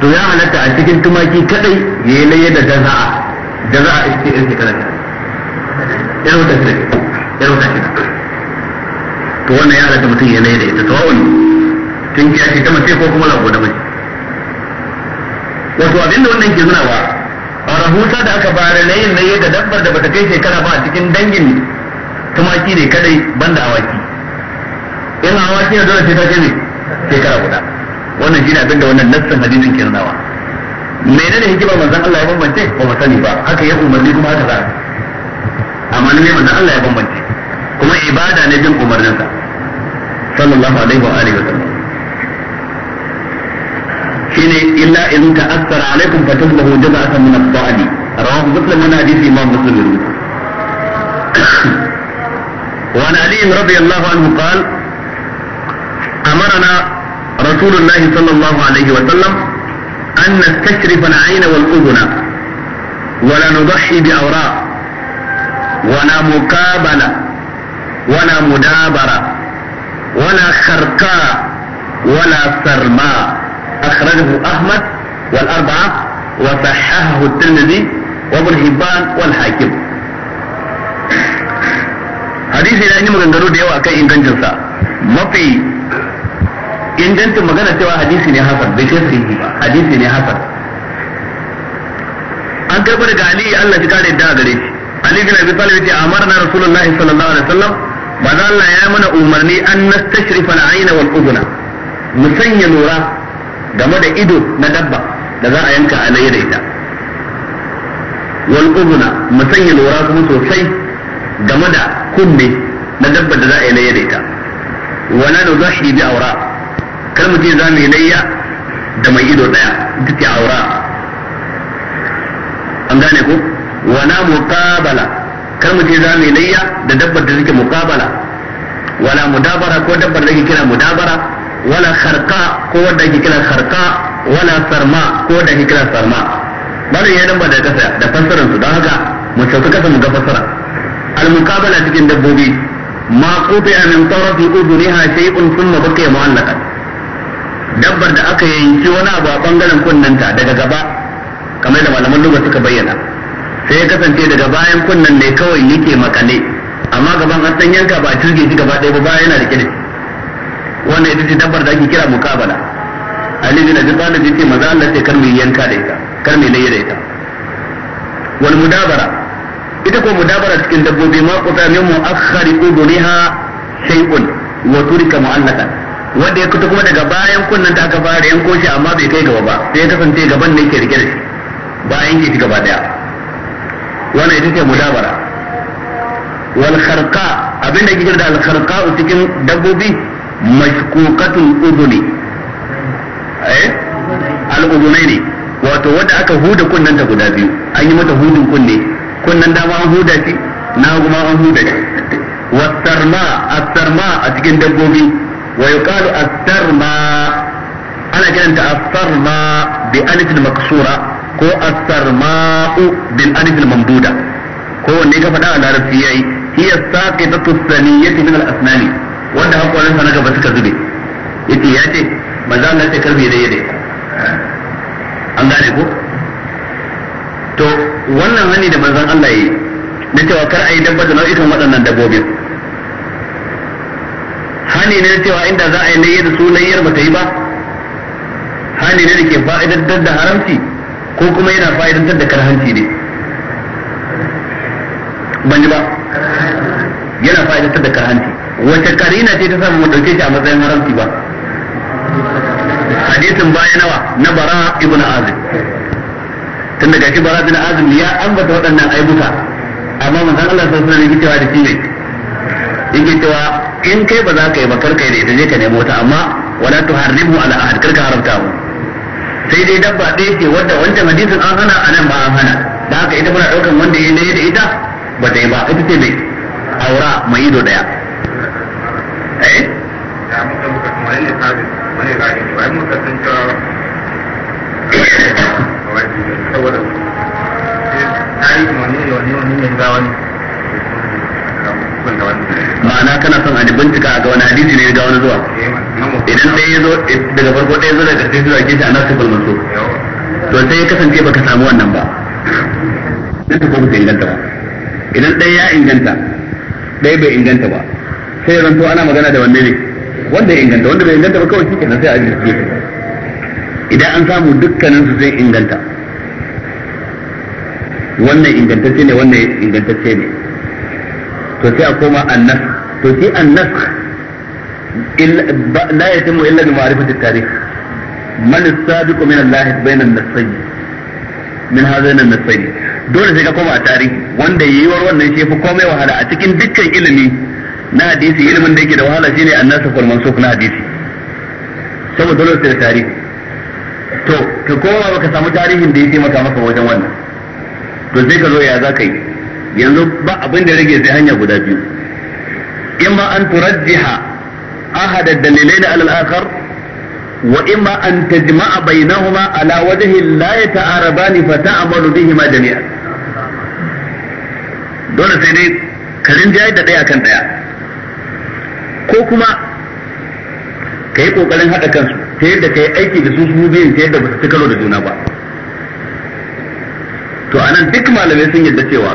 to ya halatta a cikin tumaki kadai ya yi laye da jaza'a jaza'a ita ce irin shekara ya rauta shi ya shi to wannan ya halatta mutum ya laye da ita sawa'un tun kiyashi ta mace ko kuma labo da mace wato abinda wannan ke nuna ba. A rahusa da aka bayar na yin nayi ga dabbar da bata kai shekara ba a cikin dangin tumaki ne kadai banda awaki in awaki ne dole sai ta kai shekara guda wannan shine abinda wannan nassin hadisin ke nunawa menene hikimar manzon Allah ya bambance ba mu sani ba haka ya umarni kuma haka za amma ne manzon Allah ya bambance kuma ibada ne bin umarninsa sallallahu alaihi wa alihi wa sallam shine illa in تأثر alaikum fatablahu jaza'atan min al رواه rawahu muslim wa hadith imam muslim وعن علي رضي الله عنه قال أمرنا رسول الله صلى الله عليه وسلم أن نستشرف العين والأذن ولا نضحي بأوراق ولا مقابلة ولا مدابرة ولا خرقاء ولا سرماء أخرجه أحمد والأربعة وصححه الترمذي وابن حبان والحاكم hadisi na yi maganganu da yawa akan ingancinsa mafi ingancin magana cewa hadisi ne hasan bai sai sahihi ba hadisi ne hasan an karɓi daga ali Allah ya kare da gare shi ali bin abi talib yace amarna sallallahu alaihi wasallam manzo Allah ya mana umarni an nastashrifa al-ayna wal udhuna mu sanya lura game da ido na dabba da za a yanka alayya da ita wal uzuna mu sanya lura kuma sosai game da kunne na dabba da za a yi layya da ita wala da zahi bi aura kar mu ce za mu yi layya da mai ido daya duk aura an gane ko wala muqabala kar mu ce za mu yi layya da dabbar da take muqabala wala mudabara ko dabbar da ke kira mudabara wala kharqa ko wanda ake kira kharqa wala sarma ko wanda ake kira sarma bari ya nan ba da kasa da fassarar su don haka mu sauka kasa mu ga fassara al muqabala cikin dabbobi ma qutiya min tarafi uduniha shay'un thumma baqiya mu'allaqa dabbar da aka yanki wani abu a bangaren kunnanta daga gaba kamar da malaman lugar suka bayyana sai ya kasance daga bayan kunnan ne kawai yake makale amma gaban an san yanka ba turge shi gaba ɗaya ba yana da shi wannan ita ce dabbar da ake kira mukabala ali bin abi talib yace maza Allah ce kar mu yanka da ita kar mu laye da ita wal mudabara ita ko mudabara cikin dabbobi ma ko min muakhkhari sai shay'un wa turika mu'allaka wanda ya kuta kuma daga bayan kunnan ta aka fara yanko shi amma bai kai gaba ba sai ya kasance gaban ne ke rike da shi bayan ke ci gaba daya wannan ita ce mudabara wal kharqa abinda kike da al kharqa cikin dabbobi mashkukatul uduni eh al uduni ne wato wanda aka huda kunnen ta guda biyu an yi mata hudun kunne kunnen dama an huda shi na kuma an huda shi wasarma asarma a cikin dabbobi wa yuqalu asarma ana kiranta asarma bi alif al-maksura ko asarma bil alif al-mamduda ko wanne ka faɗa a larabci yayi hiya saqitatu saniyati min al-asnani wanda hankalin sa na gaba suka zube yace ya ce za mu sai karbe da dai an gane ko to wannan hani da manzon Allah yi na cewa kar a yi dabba da nau'ikan waɗannan dabbobin hani ne na cewa inda za a yi layyar su layyar ba ta yi ba hani ne da ke fa'idantar da haramci ko kuma yana fa'idantar da karhanci ne ban ji ba yana ta da karhanci wace karina ce ta samu mu dauke shi a matsayin haramci ba hadisin baya nawa na bara ibn azim tun daga shi bara ibn azim ya ambata waɗannan aibuka amma san Allah sallallahu alaihi wasallam cewa da shi ne yake cewa in kai ba za ka yi ba kai yi da ita je ka nemo ta amma wala tuharrimu ala ahad ka haramta mu sai dai dabba ɗaya ce wadda wancan hadisin an hana anan ba an hana da haka ita muna ɗaukan wanda ya yi da ita ba ta yi ba ita ce mai aura mai ido daya eh? ma'ana kana son a bincika ga wani hadisi ne ga wani zuwa idan sai ya zo daga farko ɗaya zo daga sai zuwa gefe a nasu bulmansu to sai ya kasance baka samu wannan ba na ta inganta ba idan ɗaya ya inganta ɗaya bai inganta ba sai ya zanto ana magana da wanne ne wanda ya inganta wanda bai inganta ba kawai shi kenan sai a jirgi idan an samu dukkanin su sai inganta wannan ingantacce ne wannan ingantacce ne to sai a koma annas to shi annas la yatimu illa bi ma'rifati tarikh man as-sabiqu min Allah bayna an-nasayni min hadhain an-nasayni dole sai ka koma a tarihi wanda yiwuwar wannan shi fi komai wahala a cikin dukkan ilimi na hadisi ilimin da yake da wahala shine annasu fal su na hadisi saboda dole sai tarihi to ka koma baka samu tarihin da yake maka maka wajen wannan to sai ka zo ya za ka yi yanzu ba abin da rage sai hanya guda biyu imma an turajjiha ahada dalilai da alal akhar وإما أن تجمع بينهما على وجه لا يتعارضان فتعمل bihima jami'an dole sai dai ka rinjayar da ɗaya kan ɗaya ko kuma ka yi ƙoƙarin haɗa kansu ta yadda ka yi aiki da su su biyun ta yadda ba su karo da juna ba to anan duk malamai sun yadda cewa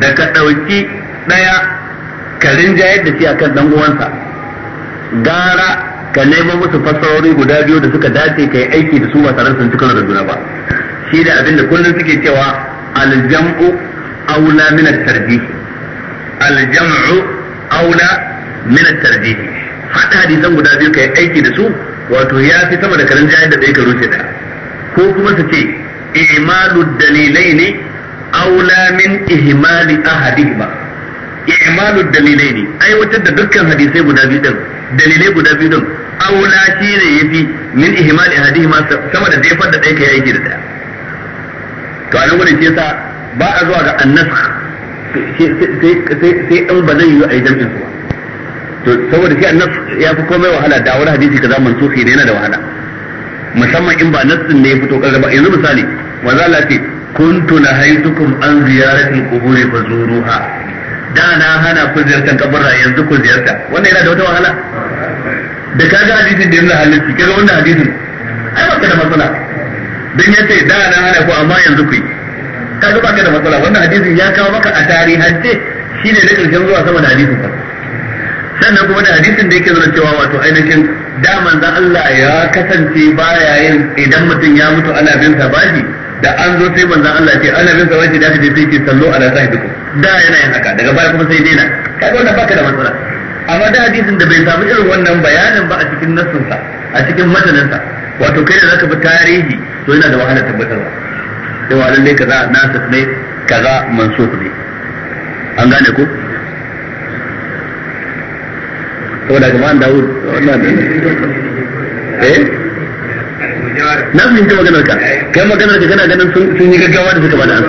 da ka ɗauki ɗaya ka rinjayar da shi akan ɗan uwansa gara ka nemo musu fassarori guda biyu da suka dace ka yi aiki da su ba tare da sun ci karo da juna ba shi da abin da kullum suke cewa aljam'u أولى من الترجيح الجمع أولى hadisan guda biyu kai aiki da su wato ya fi sama da karin jayar da ɗaya ka rushe da ko kuma su imalu dalilai ne aula min ihmali ahadihima imalu dalilai ne aiwatar da dukkan hadisai guda biyu din dalilai guda biyu din aula shi ne yafi min ihmali ahadihima sama da jefar da ɗaya ka yi aiki da ɗaya to a nan wurin ce sa ba a zuwa ga annas sai in ba zai yi a yi jam'in su ba to saboda shi annas ya fi komai wahala da wani hadisi kaza mansuhi ne yana da wahala musamman in ba nassin ne ya fito kaza ba yanzu misali maza Allah ce kuntu haizukun an ziyarati quburi zuruha, da na hana ku ziyartar kabarra yanzu ku ziyarta wannan yana da wata wahala da ka ga hadisin da yanzu halitta kira wannan hadisin ai ka da matsala ya ce da na hana ku amma yanzu ku yi kaga baka da matsala wannan hadisin ya kawo maka a tarihance shine na shan zuwa sama da hadisin sannan kuma da hadisin da yake zana cewa wato ainihin da za Allah ya kasance baya yin idan mutum ya mutu ana bin sa bashi da an zo sai manzan Allah ce ana bin sa bashi da kaje sai ki sallo ala sahibikum da yana yin haka daga baya kuma sai daina kaga wannan baka da matsala amma da hadisin da bai samu irin wannan bayanin ba a cikin nassin a cikin matanin wato kai da zaka bi tarihi to yana da wahala tabbatarwa cewa lalle kaza ne kaza mansukh ne an gane ku Dawud wannan eh na maganar ka kai maganar ka kana ganin sun yi gaggawa da suka bada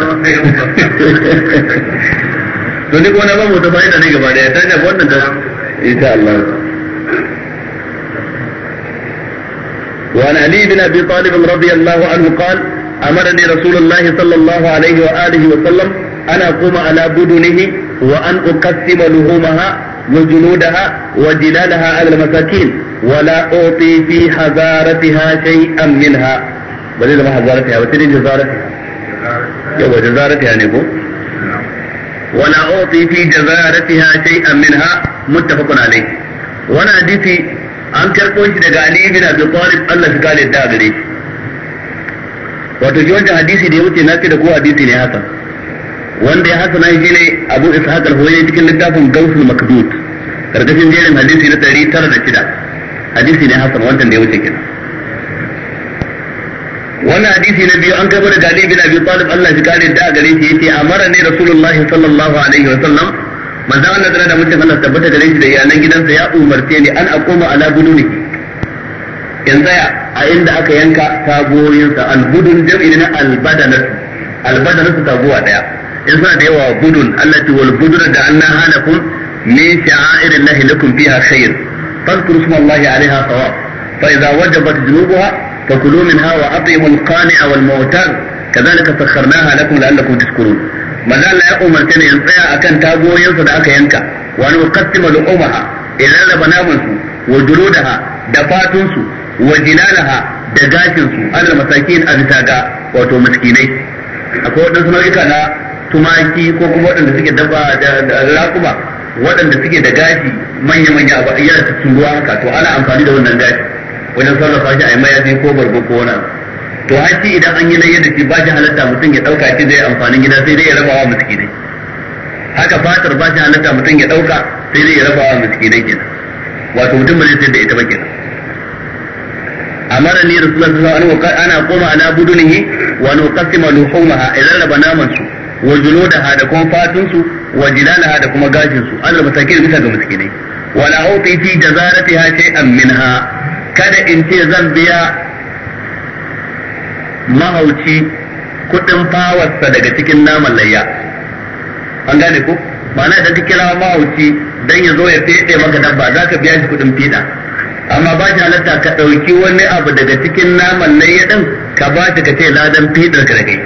to duk wani babu ta ne gaba da ya wannan insha Allah وعن علي بن ابي طالب رضي الله عنه قال amarani rasulullahi sallallahu alaihi wa wa sallam ana kuma ala budunihi wa an uqassima luhumaha wa junudaha wa jilalaha ala masakin wa la uti fi hazaratiha shay'an minha ba zai zama hazaratiha ba ko ولا أعطي في جزارتها شيئا منها متفق عليه وانا حديثي an karɓo shi daga Ali bin Abi Talib Allah da wato ji wancan hadisi da ya wuce na fi da ko hadisi ne hasan wanda ya hasana shi ne abu ishaq al-huwaini cikin littafin gausul makdud karkashin jerin hadisi na ɗari tara da shida hadisi ne hasan wancan da ya wuce kenan wannan hadisi na biyu an kai daga dalil bin Abi Talib Allah shi kare da gare shi yace amara ne Rasulullah sallallahu alaihi wa sallam manzo Allah da mutum Allah tabbata gare shi da iyalan gidansa ya umarce ni an aquma ala bununi in tsaya a inda aka yanka tagoyinsa albudun jam'i na albadanatu albadanatu taguwa daya in suna da yawa budun Allah ce wal budun da Allah halakum min sha'airillahi lakum fiha khair fadhkuru isma Allah 'alaiha sawab fa idza wajabat junubuha fakulu minha wa at'imu al-qani'a wal mu'tar kadhalika sakharnaha lakum la'allakum tashkurun manzo Allah ya umarce ne in tsaya akan tagoyinsa da aka yanka wa nuqassimu al-umaha idan rabana mun su wa juludaha da fatunsu wa jilalaha da gashin su alal masakin a bisa wato miskinai akwai waɗansu nau'ika na tumaki ko kuma waɗanda suke dafa da raƙuma waɗanda suke da gashi manya-manya ba iya cikin ruwa haka to ana amfani da wannan gashi wajen sarrafa shi a yi mayafi ko bargo ko wani to har shi idan an yi layya yadda shi ba shi halatta mutum ya ɗauka shi zai amfanin gida sai dai ya rabawa miskinai haka fatar ba shi halatta mutum ya ɗauka sai dai ya rabawa miskinai kenan wato mutum ba zai sayar da ita ba kenan amarani rasulullahi sallallahu alaihi wasallam ana koma ala budunihi wa nuqassima luhumaha idan raba naman su wa junudaha da kuma fatun su wa jilalaha da kuma gashin su Allah masakin bisa ga miskinai wala auti fi jazaratiha shay'an minha kada in ce zan biya mahauci kudin fawarsa daga cikin naman layya an gane ko ba na da kira mahauci dan ya zo ya fede maka dabba zaka biya shi kudin fida amma ba shi halatta ka ɗauki wani abu daga cikin naman nan ya ɗin ka ba shi ka ce ladan fiɗar ka da kai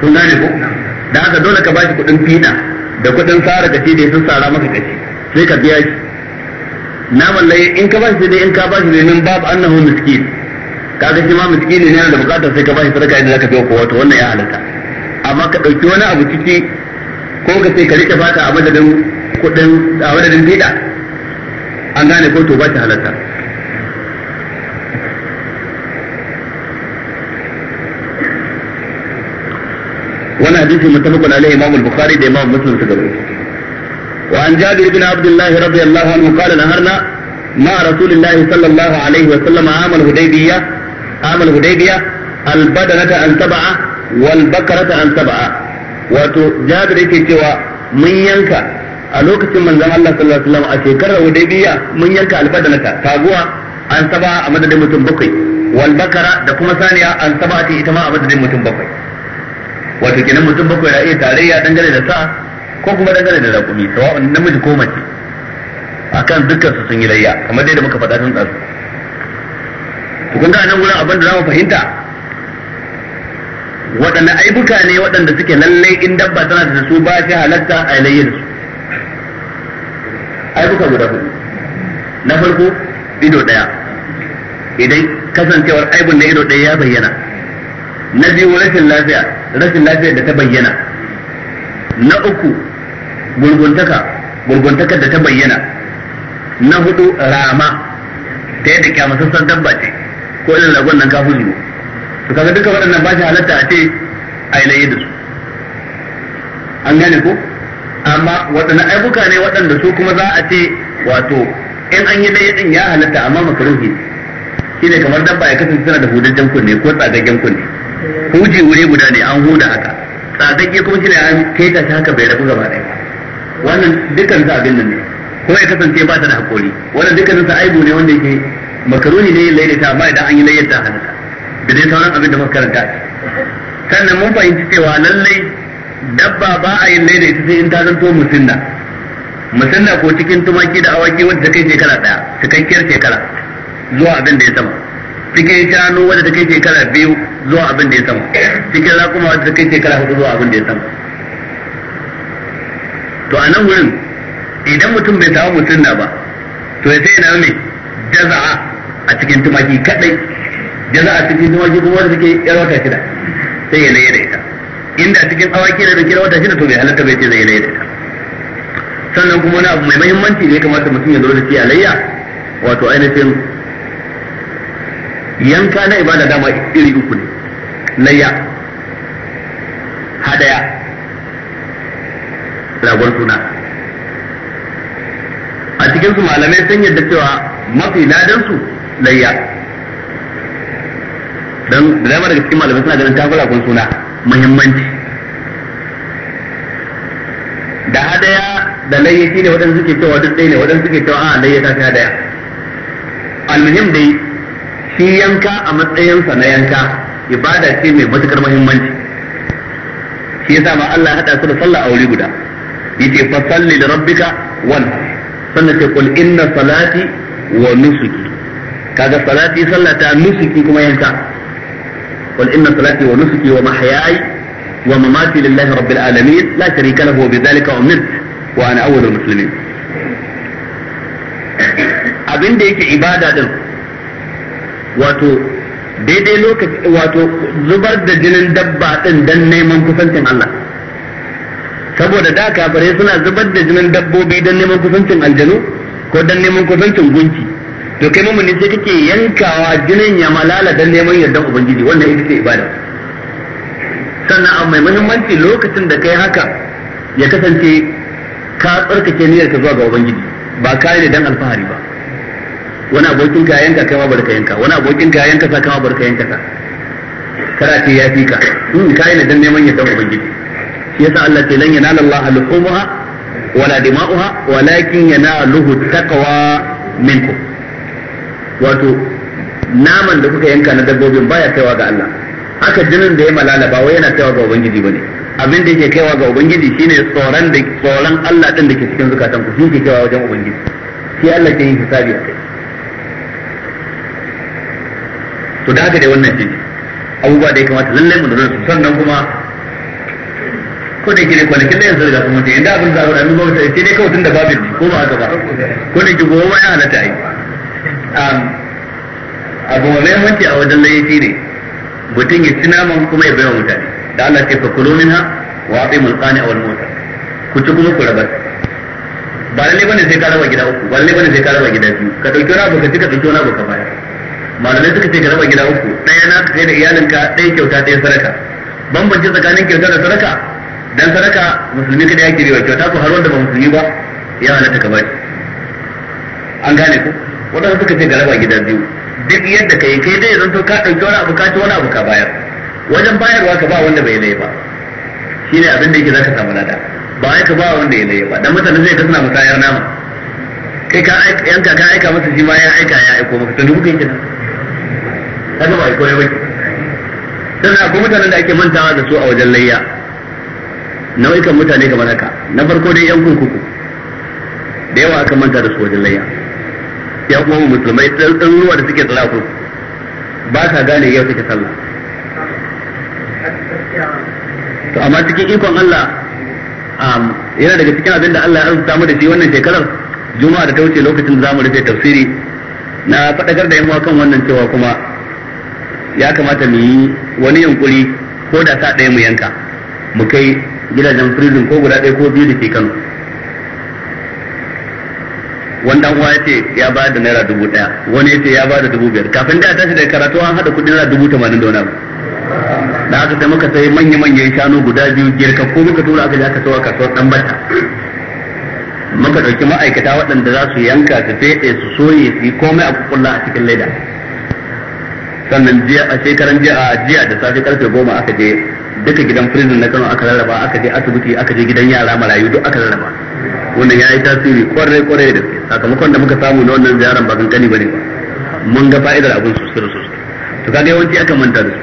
sun gane ko da haka dole ka ba shi kuɗin fiɗa da kuɗin tsara ka da sun tsara maka kaci sai ka biya shi naman laye in ka ba shi ne in ka ba shi ne nan babu annahu miskin kaga shi ma miski ne yana da bukatar sai ka ba shi sadaka idan zaka biya ko to wannan ya halatta amma ka ɗauki wani abu ciki ko ka sai ka rike fata a madadin kuɗin a madadin fiɗa. an gane ko to ba ta halatta wannan hadisi mutabaku da alai bukhari da imam muslim suka rubuta wa an jabir bin abdullahi radiyallahu anhu qala nahana ma rasulullahi sallallahu alaihi wa sallam amal hudaybiyya amal hudaybiyya al-badanata an tab'a wato jabir yake cewa mun yanka a lokacin manzon Allah sallallahu alaihi wasallam a shekarar Hudaybiya mun yanka albadanata taguwa an saba a madadin mutum bakwai wal bakara da kuma saniya an saba ta ita ma a madadin mutum bakwai wato kenan mutum bakwai da iya tarayya dangane da sa ko kuma dangane da rakumi sawa'un namiji ko mace akan dukkan su sun yi layya kamar dai da muka faɗa tun tsaro to kun ga nan gurin abin da zamu fahimta waɗanne aibuka ne waɗanda suke lallai in dabba tana da su ba shi halatta a layyin su ayyuka guda hudu na farko ido daya idan kasancewar aibun na ido daya ya bayyana na biyu rashin lafiya rashin lafiya da ta bayyana na uku gurguntaka gurguntakar da ta bayyana na hudu rama ta yadda kyamasassar dabba ce ko irin ragon nan kafin yiwu to kaga duka waɗannan ba shi halatta a ce a yi da su an gane ko amma waɗannan aibuka ne waɗanda su kuma za a ce wato in an yi ɗaya din ya halatta amma makaruhi shine kamar dabba ya kasance tana da hudajjen kunne ko tsagaggen kunne huji wuri guda ne an huda haka tsagagge kuma shine an kai ta haka bai rabu gaba ɗaya wannan dukkan sa abin nan ne ko ya kasance ba ta da hakuri wannan dukkanin sa aibu ne wanda yake makaruni ne yin lailata amma idan an yi lailata halatta da dai sauran abin da muka karanta sannan mun fahimci cewa lallai dabba ba a yin da ita sai in ta zanto musinda musinda ko cikin tumaki da awaki wadda ta kai shekara daya cikakkiyar shekara zuwa abin da ya sama cikin shanu wadda ta kai shekara biyu zuwa abin da ya sama cikin rakuma wadda ta kai shekara hudu zuwa abin da ya sama to a nan wurin idan mutum bai samu musinda ba to ya sai na ne jaza'a a cikin tumaki kadai jaza'a cikin tumaki kuma wadda take yarwata wata shida sai ya laida inda cikin awaki da bikin wata shida to bai halatta bai ce zai layya da ita sannan kuma wani abu mai muhimmanci da ya kamata mutum ya lura da shi a layya wato ainihin yanka na ibada dama iri uku ne layya hadaya ragon suna a cikin su malamai sun yadda cewa mafi ladan su layya dan da dama daga cikin malamai suna ganin ta ragon suna muhimmanci da hadaya da layyaki ne waɗansu suke cewa duk ɗaya ne waɗansu suke cewa a layyata ta fi hadaya almuhim dai shi yanka a matsayinsa na yanka ibada ce mai matukar muhimmanci shi yasa ma Allah hada su da sallah a wuri guda yace fa salli li rabbika wan sannan ce kul inna salati wa nusuki kaga salati sallata nusuki kuma yanka قل إن صلاتي ونسكي ومحياي ومماتي لله رب العالمين لا شريك له وبذلك أمرت وأنا أول المسلمين abin da yake ibada din wato daidai lokaci wato zubar da jinin dabba din dan neman kusancin Allah saboda da kafirai suna zubar da jinin dabbobi dan neman kusancin aljanu ko dan neman kusancin gunki to kai mun ne sai kake yankawa jinin ya malala dan neman yardan ubangiji wannan ita ce ibada sannan abu mai muhimmanci lokacin da kai haka ya kasance ka tsarkake niyyar ka zuwa ga ubangiji ba kai ne dan alfahari ba wani abokin ka yanka kai ma ka yanka wani abokin ka yanka sa kai ma ka yanka sa kara ce ya fi ka in hmm, kai ne dan neman yardan ubangiji shi yasa Allah ce lan yanala Allah luhumuha wala dima'uha walakin yanaluhu taqwa minkum wato naman da kuka yanka na dabbobin baya kaiwa ga Allah haka jinin da ya malala ba wai yana kaiwa ga ubangiji bane abin da yake kaiwa ga ubangiji shine tsoron da tsoron Allah din da ke cikin zukatan ku shi ke kaiwa wajen ubangiji shi Allah ke yin hisabi a kai to da haka dai wannan shi abubuwa da ya kamata lallai mu lura su sannan kuma ko da yake kwanakin da yanzu da kuma inda abin da zaru da mun gwamnati sai ne kawai tun da babin ko ba haka ba ko da yake gowa ya halata ai abu mai mahimmanci a wajen laifi ne mutum ya ci naman kuma ya baiwa mutane da Allah ce fakulo minha wa aqi mulqani awal mota ku ci kuma ku rabar ba lalle bane sai ka raba gida uku ba lalle bane sai ka raba gida biyu ka dauki wani abu ka ci ka dauki wani abu ka bayar malamai suka ce ka raba gida uku ɗaya na kai da iyalinka ɗaya kyauta ɗaya sadaka bambanci tsakanin kyauta da sadaka dan sadaka musulmi kada yake biyo kyauta ko har wanda ba musulmi ba ya halatta ka bari an gane ku wadanda suka ce galaba gida biyu duk yadda kai kai dai zanto ka dauki wani abu ka ci wani abu ka bayar wajen bayarwa ka ba wanda bai ba. shi ne abin da yake zaka samu lada ba wai ka ba wanda ya ba. dan mutane zai ka suna musayar nama kai ka yanka ka aika masa shi ma ya aika ya aiko maka to dubu kai kenan kaga ba aiko ya bai sannan akwai mutanen da ake mantawa da su a wajen layya nau'ikan mutane kamar haka na farko dai yan kurkuku da yawa aka manta da su wajen layya ya uwan musulmai dan ruwa da suke tsara ba ta gane yau take sallah to amma cikin ikon Allah yana daga cikin abin da Allah ya arzuta mu da shi wannan shekarar juma'a da ta wuce lokacin zamu rufe tafsiri na faɗakar da yamma kan wannan cewa kuma ya kamata mu yi wani yunkuri ko da sa ɗaya mu yanka mu kai gidajen prison ko guda ɗaya ko biyu da ke Kano wannan uwa ce ya ba da naira dubu daya wani ce ya ba da dubu biyar kafin da tashi da karatu an hada kuɗi naira dubu tamanin da wani abu da aka sai muka sai manya manyan shanu guda biyu girka ko muka tura aka je aka sawa kasuwar dan bata muka dauki ma'aikata waɗanda za su yanka su fede su soye su yi komai a kukulla a cikin leda sannan jiya a shekaran jiya a jiya da safe karfe goma aka je duka gidan prison na Kano aka rarraba aka je asibiti aka je gidan yara marayu duk aka rarraba wannan ya yi tasiri kwarai kwarai da sakamakon da muka samu na wannan ziyaran ba kankani ne ba mun ga fa'idar abin sosai sosai to kaga yawanci aka manta da su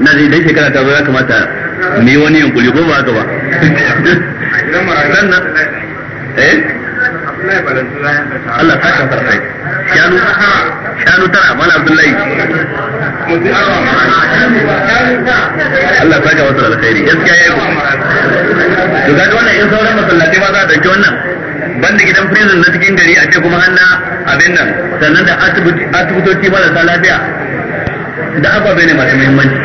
na da idan shekara ta zo ya kamata mu yi wani yankuli ko ba haka ba sannan eh Allah ta kan farfai shanu shanu tara mala abdullahi Allah ta ga wasu alkhairi gaskiya yayi to kaga wannan in sauran masallatai ma za a dauki wannan banda gidan prison na cikin gari a ce kuma an na abin nan sannan da asibitoci ta lafiya da ababe ne masu muhimmanci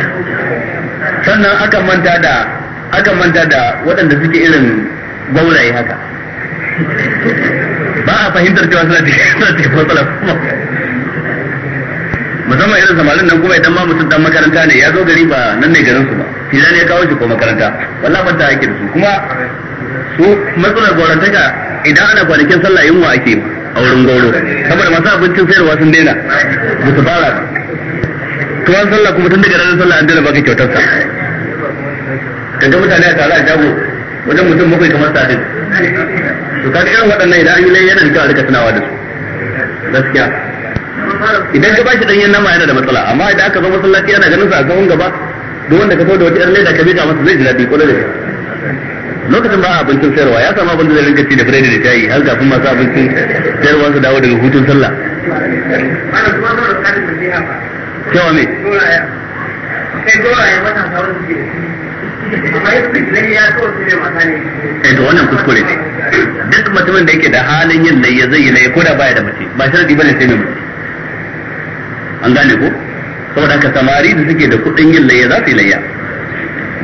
sannan akan manta da akan manta da waɗanda suke irin gwauraye haka ba a fahimtar cewa suna cikin matsala musamman irin samarin nan kuma idan ma mutum dan makaranta ne ya zo gari ba nan ne garin su ba fila ne ya kawo shi ko makaranta wallah ban ta ake da su kuma su matsalar gwarantaka idan ana kwanakin sallah yunwa ake a wurin gauro saboda masu abincin sayarwa sun daina ba su fara Tuwon sallah kuma tun daga ranar sallah an daina baka kyautar sa kaga mutane a tare a jago wajen mutum bakwai kamar sadin su kaga irin waɗannan idan an yi yana da kyau a rika tunawa da su gaskiya idan ka bashi ɗanyen nama yana da matsala amma idan aka zo masallaci yana ganin sa a gaban gaba duk wanda ka so da wata yar leda ka bi masa zai ji daɗi kwarai da lokacin ba a abincin sayarwa ya samu abin da zai rinka ci da biredi da shayi har kafin masu abincin sayarwa su dawo daga hutun sallah cewa me? Kai sauran Eh, to wannan duk mutumin da yake da halin yin layya zai yi layya ko da baya da mace ba sharadi bane sai mai mace an gane ko saboda haka samari da suke da kuɗin yin layya za su yi layya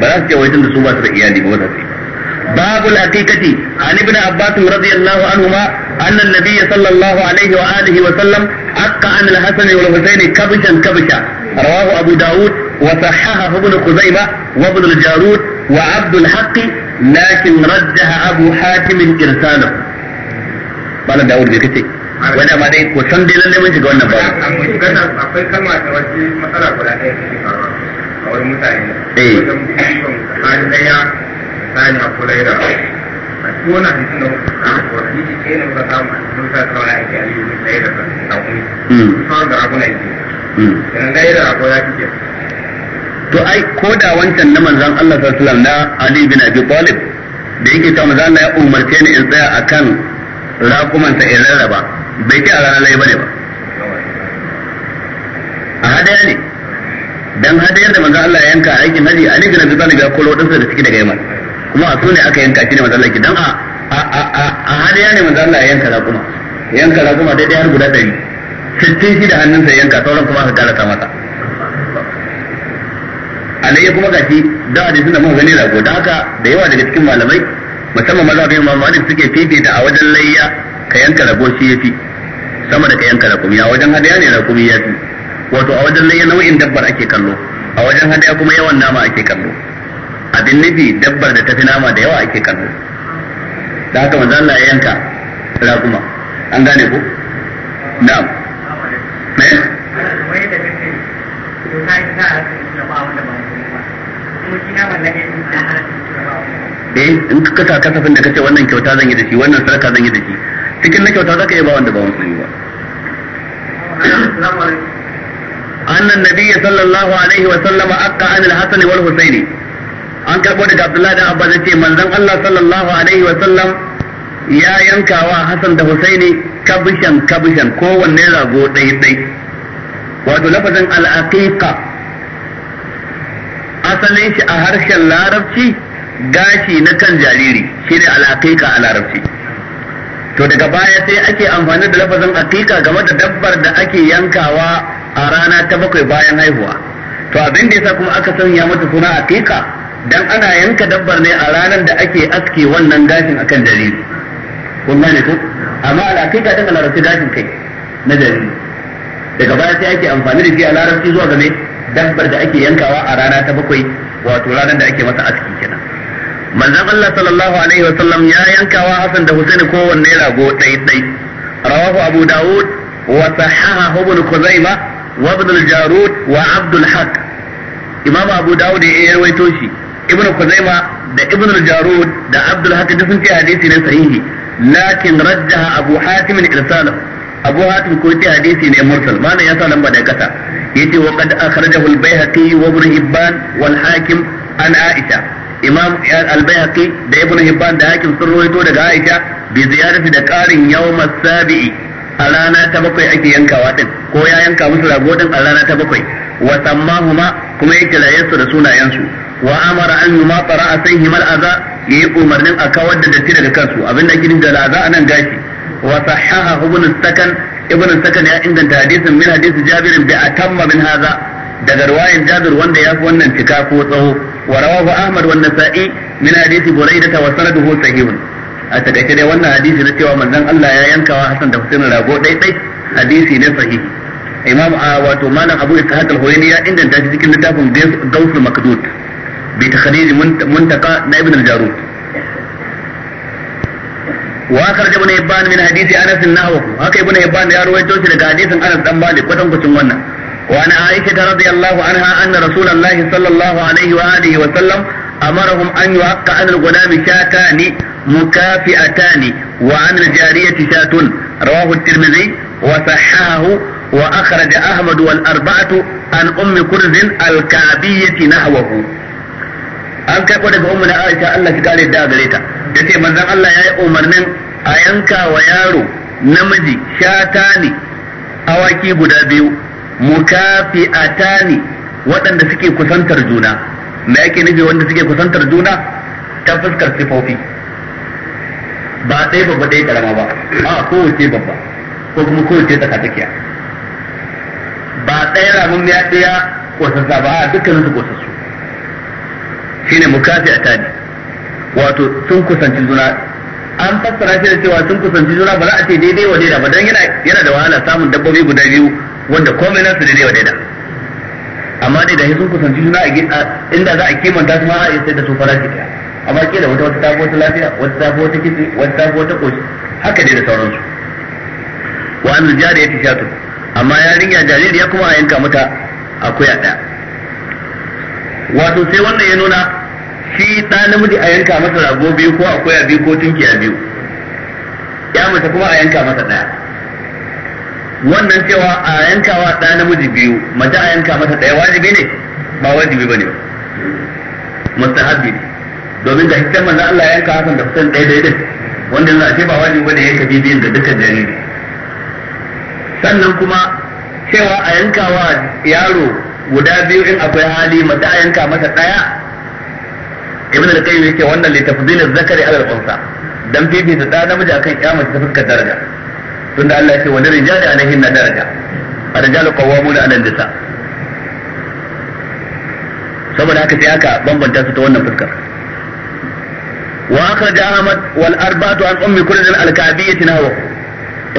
ba za su ce wai tun da su ba su da iyali ba za su yi باب الحقيقة عن ابن عباس رضي الله عنهما أن النبي صلى الله عليه وآله وسلم أقى عن الحسن والحسين كبشا كبشا رواه أبو داود وصححه ابن خزيمة وابن الجارود وعبد الحق لكن رجح أبو حاتم إرساله قال داود بكتي wanda ma dai ko san dai lalle mun shiga wannan babu akwai kalma ta wace matsala guda ɗaya take faruwa a wurin mutane eh wajen mutum hali daya sani a kula da a cikin wannan hadisin ko hadisi ɗaya ne muka samu a cikin ta wani aiki a yi mutum ɗaya da ta kuma sauran da rabu na yake yanzu ɗaya da rabu ya kike to ai ko da wancan na manzon Allah sallallahu alaihi wasallam na Ali bin Abi Talib da yake ta manzon Allah ya umarce ni in tsaya akan raƙumansa in rarraba bai ce a ranar lai bane ba a hadaya ne dan hadayar da manzon Allah ya yanka aikin haji Ali bin Abi Talib ya koro dinsa da ciki daga Yaman kuma a sune aka yanka shi ne manzon Allah dan a a hadaya ne manzon Allah ya yanka raƙuma yanka raƙuma daidai har guda 100 sittin shi da hannunsa yanka sauran kuma aka karata masa alayya kuma gashi da suna da muka gani rago da haka da yawa daga cikin malamai musamman maza bai ma malik suke fifita a wajen layya ka yanka rago shi yafi sama da ka yanka rakumi a wajen hadaya ne rakumi yafi wato a wajen layya nau'in dabbar ake kallo a wajen hadaya kuma yawan nama ake kallo abin nufi dabbar da tafi nama da yawa ake kallo da haka manzo Allah ya yanka raguma an gane ko na'am me wai da kake ko sai ka ba wanda ba eh in ka kasa kasafin da ka ce wannan kyauta zan yi da shi wannan sarka zan yi da shi cikin na kyauta za ka yi ba wanda ba musulmi ba أن النبي صلى الله عليه وسلم أقى عن الحسن والحسين an karɓo daga Abdullahi da Abba Abbas ce, manzon Allah sallallahu alaihi wa sallam ya yanka wa Hassan da Husaini kabishan kabishan kowanne rago ɗai-ɗai wato lafazin al-aqiqa asalin shi a harshen larabci gashi na kan jariri shi ne alaƙiƙa a larabci to daga baya sai ake amfani da lafazin aƙiƙa game da dabbar da ake yankawa a rana ta bakwai bayan haihuwa to abin da yasa kuma aka sanya mata suna aƙiƙa dan ana yanka dabbar ne a ranar da ake aske wannan gashin akan jariri kun gane ko amma alaƙiƙa aqiqa din larabci gashin kai na jariri daga baya sai ake amfani da shi a larabci zuwa ga dabbar da ake yankawa a rana ta bakwai wato ranar da ake masa aski kenan manzon Allah sallallahu alaihi wa sallam ya yankawa Hassan da Husaini kowanne rago dai dai rawahu Abu Dawud wa sahahahu Ibn Khuzaimah wa Ibn al-Jarud wa Abd haq Imam Abu Dawud ya rawaito shi Ibn Khuzaimah da Ibn al-Jarud da Abd al-Haq duk sun ce hadisi ne sahihi lakin rajjaha Abu Hatim irsalahu abu hatim ko ce hadisi ne mursal malam ya sa lamba da kasa yace wa qad akhrajahu al-baihaqi wa ibn hibban wal hakim an aisha imam al-baihaqi da ibn hibban da hakim sun rawaito daga aisha bi ziyarati da qarin yawm as-sabi'i a rana ta bakwai ake yankawa din ko ya yanka musu rago din a rana ta bakwai wa sammahuma kuma ya kiraye su da sunayensu wa amara an yuma fara a sai himal aza yayi umarnin a kawar da datti daga kansu abinda gidan da a anan gashi wa sahahahu ibn sakan ibn sakan ya inganta hadisin min hadisi jabir bi atamma min hadha daga riwayan jabir wanda ya fi wannan cika ko tsaho, wa rawahu ahmad wa nasa'i min hadisi buraidah wa sanaduhu sahihun a takaice dai wannan hadisi na cewa manzon Allah ya yankawa Hassan da Husain rago dai dai hadisi ne sahihi imam ah, wato malam Abu Ishaq al-Huwaini ya inganta shi cikin littafin Gausul Makdud bi takhrij muntaka na Ibn al-Jarud wa da ibn hibban min hadisi anas na haka ibn hibban ya rawaito shi daga hadisin anas dan malik kwatan kucin wannan wa ana aisha radiyallahu anha anna rasulullahi sallallahu alaihi wa alihi wa sallam amarahum an yuhaqqa an al-gulami shatani mukafi'atani wa an al-jariyati shatun rawahu at-tirmidhi wa sahahahu wa akhraja ahmadu wal arba'atu an ummi kurz al-ka'biyyah an karɓo daga ummu na Aisha Allah ta kare da gare ta yace manzon Allah yayi umarnin a yanka wa yaro namiji shata ne awaki guda biyu mukafi'ata ne waɗanda suke kusantar juna me yake nufi wanda suke kusantar juna ta fuskar sifofi ba ɗaya babba ɗaya karama ba a kowace babba ko kuma kowace tsakatsakiya ba ɗaya ramin ya ɗaya ƙosassa ba a dukkanin su ƙosassu shine mukafi'a a ne wato sun kusanci juna an fassara shi da cewa sun kusanci juna ba za a ce daidai wa daida ba dan yana yana da wahala samun dabbobi guda biyu wanda komai nasu daidai wa daida amma dai da sun kusanci juna a inda za a kimanta su ma a sai da su farashi ɗaya amma da wata wata tafi wata lafiya wata tafi wata kitse wata tafi wata koshi haka dai da sauransu wa an jariya ta shatu amma yarinya jaririya kuma a yanka mata akuya ɗaya wato sai wannan ya nuna shi ɗa namiji a yanka masa rago biyu ko akwai a biyu ko tunki a biyu ya mace kuma a yanka masa ɗaya wannan cewa a yankawa ɗa namiji biyu mace a yanka masa ɗaya wajibi ne ba wajibi ba ne ba mustahabbi ne domin da hikar manzo Allah ya yanka hakan da kusan ɗaya daidai wanda yanzu a ce ba wajibi bane yanka bibiyin da dukkan jariri sannan kuma cewa a yankawa yaro guda biyu in akwai hali mata yanka masa daya ibn al-qayyim yake wannan li tafdil az-zakari ala al-unsa dan fifita da namiji akan ya mace ta fuskar daraja tunda Allah ya ce wa rijali alaihim na daraja الرجال قوامون على النساء saboda haka sai aka bambanta su ta wannan fuskar wa akhraj ahmad wal arba'atu an ummi kurz al ka'biyyah nahwa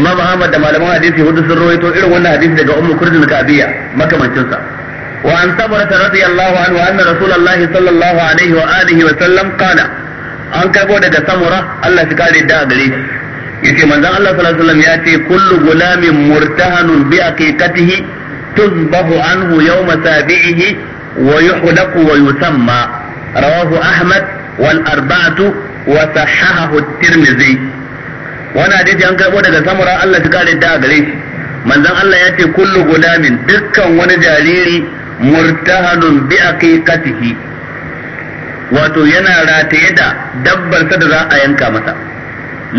imam ahmad da malaman hadisi hudu sun rawaito irin wannan hadisi daga ummi kurz al ka'biyyah makamancin sa وعن ثمرة رضي الله عنه أن رسول الله صلى الله عليه وآله وسلم قال an karbo daga samura Allah shi kare da gare shi yace manzon Allah sallallahu alaihi wasallam ya ce kullu gulamin murtahanun bi aqiqatihi tuzbahu anhu yawma sabihi wa yuhlaqu wa yusamma wa sahahahu at hadisi an karbo daga samura Allah shi kare da gare shi manzon Allah ya ce kullu gulamin dukkan wani jariri murtahadun bi aqiqatihi wato yana rataye da dabbar sa da za a yanka masa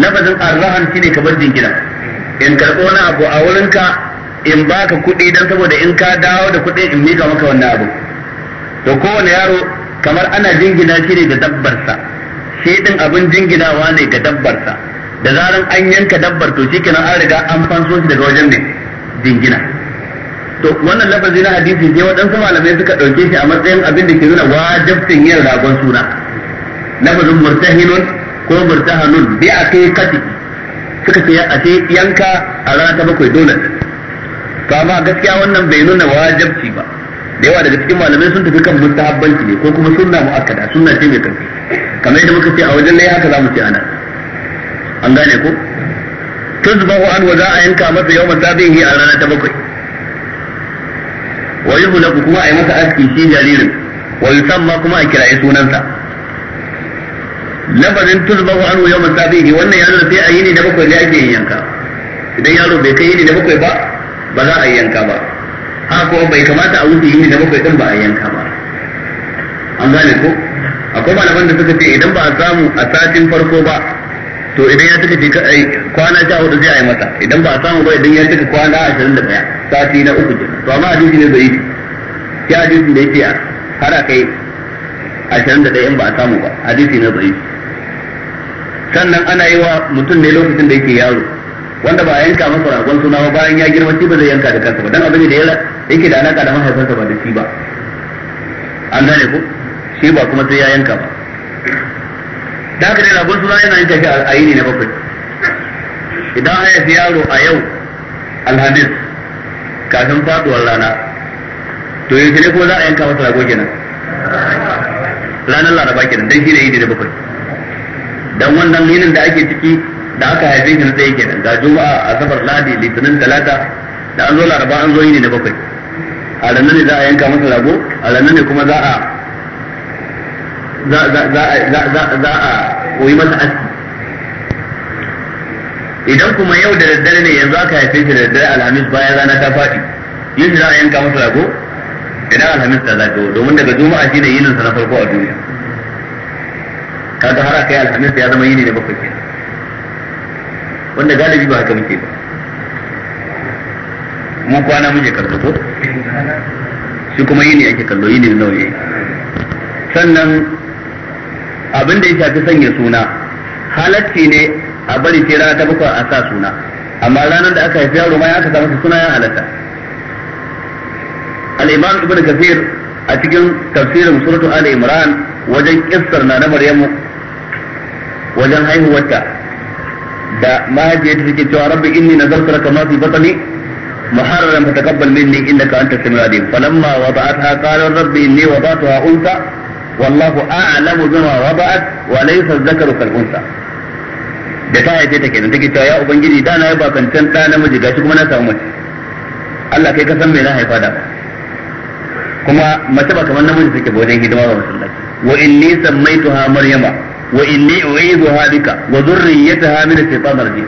lafazin arrahan shine ka bar jingina in karɓo na abu a wurinka in baka kuɗi dan saboda in ka dawo da kuɗi in mika maka wannan abu to kowane yaro kamar ana jingina shi ne dabbar sa, shi din abin jinginawa ne ga dabbar sa, da zaran an yanka dabbar to shikenan an riga an fanso shi daga wajen ne, jingina to wannan lafazi na hadisi ne waɗansu malamai suka ɗauke shi a matsayin abin da ke nuna wajabcin yin ragon suna lafazin murtahinun ko murtahanun bi a kai kati suka ce a ce yanka a rana ta bakwai dole to amma gaskiya wannan bai nuna wajabci ba da yawa daga cikin malamai sun tafi kan mustahabbanci ne ko kuma sunna mu'akkada sunna ce mai karfi kamar yadda muka ce a wajen ne haka zamu ce ana an gane ko tuzbahu an wa za a yanka masa yawman tabihi a rana ta bakwai wa yuhlaku kuma a yi masa aski shi jaririn wa yusamma kuma a kirayi sunansa lafazin tuzbahu anhu yawm sabihi wannan ya sai a yini da bakwai ne ake yanka idan yaro bai kai yini da bakwai ba ba za a yi yanka ba Ha kuma bai kamata a wuce yini da bakwai din ba a yi yanka ba an gane ko akwai malaman da suka ce idan ba a samu a satin farko ba to idan ya cika shekara ai kwana sha hudu sai a yi masa idan ba a samu ba idan ya cika kwana ashirin da daya sati na uku kenan to amma hadisi ne bai sai hadisi da yake har a kai ashirin da daya in ba a samu ba hadisi ne bai sannan ana yi wa mutum ne lokacin da yake yaro wanda ba a yanka masa ragon suna ba bayan ya girma shi ba zai yanka da kansa ba dan abin da yake da alaka da mahaifinsa ba da shi ba an gane ko shi ba kuma sai ya yanka ba da ka dai rabon suna yana yanka shi a yini na bakwai idan haya fi yaro a yau alhamis kafin faduwar rana to yi ne ko za a yanka masa rago kenan ranar laraba kenan dan shi ne yini na bakwai dan wannan yinin da ake ciki da aka haife shi na tsaye kenan ga juma'a asabar ladi litinin talata da an zo laraba an zo yini na bakwai a ranar ne za a yanka masa rago a ranar ne kuma za a za a koyi masa aski idan kuma yau da daddare ne yanzu aka haife shi da daddare alhamis bayan rana ta faɗi yin za a yanka masa rago idan alhamis ta zagayo domin daga juma'a shine yininsa na farko a duniya kaga har aka yi alhamis ya zama yini ne bakwai kenan wanda galibi ba haka muke ba mu kwana muke kallo ko shi kuma yini ake kallo yini nawa ne sannan abin da ya shafi sanya suna halacci ne a bari sai rana ta bakwai a sa suna amma ranar da aka haifi yaro ma ya aka samu suna ya halatta al-imam ibn a cikin tafsirin suratu ali imran wajen kissar na na maryamu wajen haihuwarta da mahaifiyar ta take cewa rabbi inni nazartu laka ma fi batni muharraran fataqabbal minni innaka antas samiul alim falamma wada'atha qala rabbi inni wada'tuha unsa wallahu a'lamu bima wada'at wa laysa dhakaru kal unsa da ta haife ta kenan take cewa ya ubangiji da na ba kancan da namiji gashi kuma na samu mace Allah kai ka san me na haifa da kuma mace ba kamar namiji take ba wajen hidima ga masallaci wa inni sammaituha maryama wa inni u'iduha bika wa dhurriyyataha min ash-shaytan rajim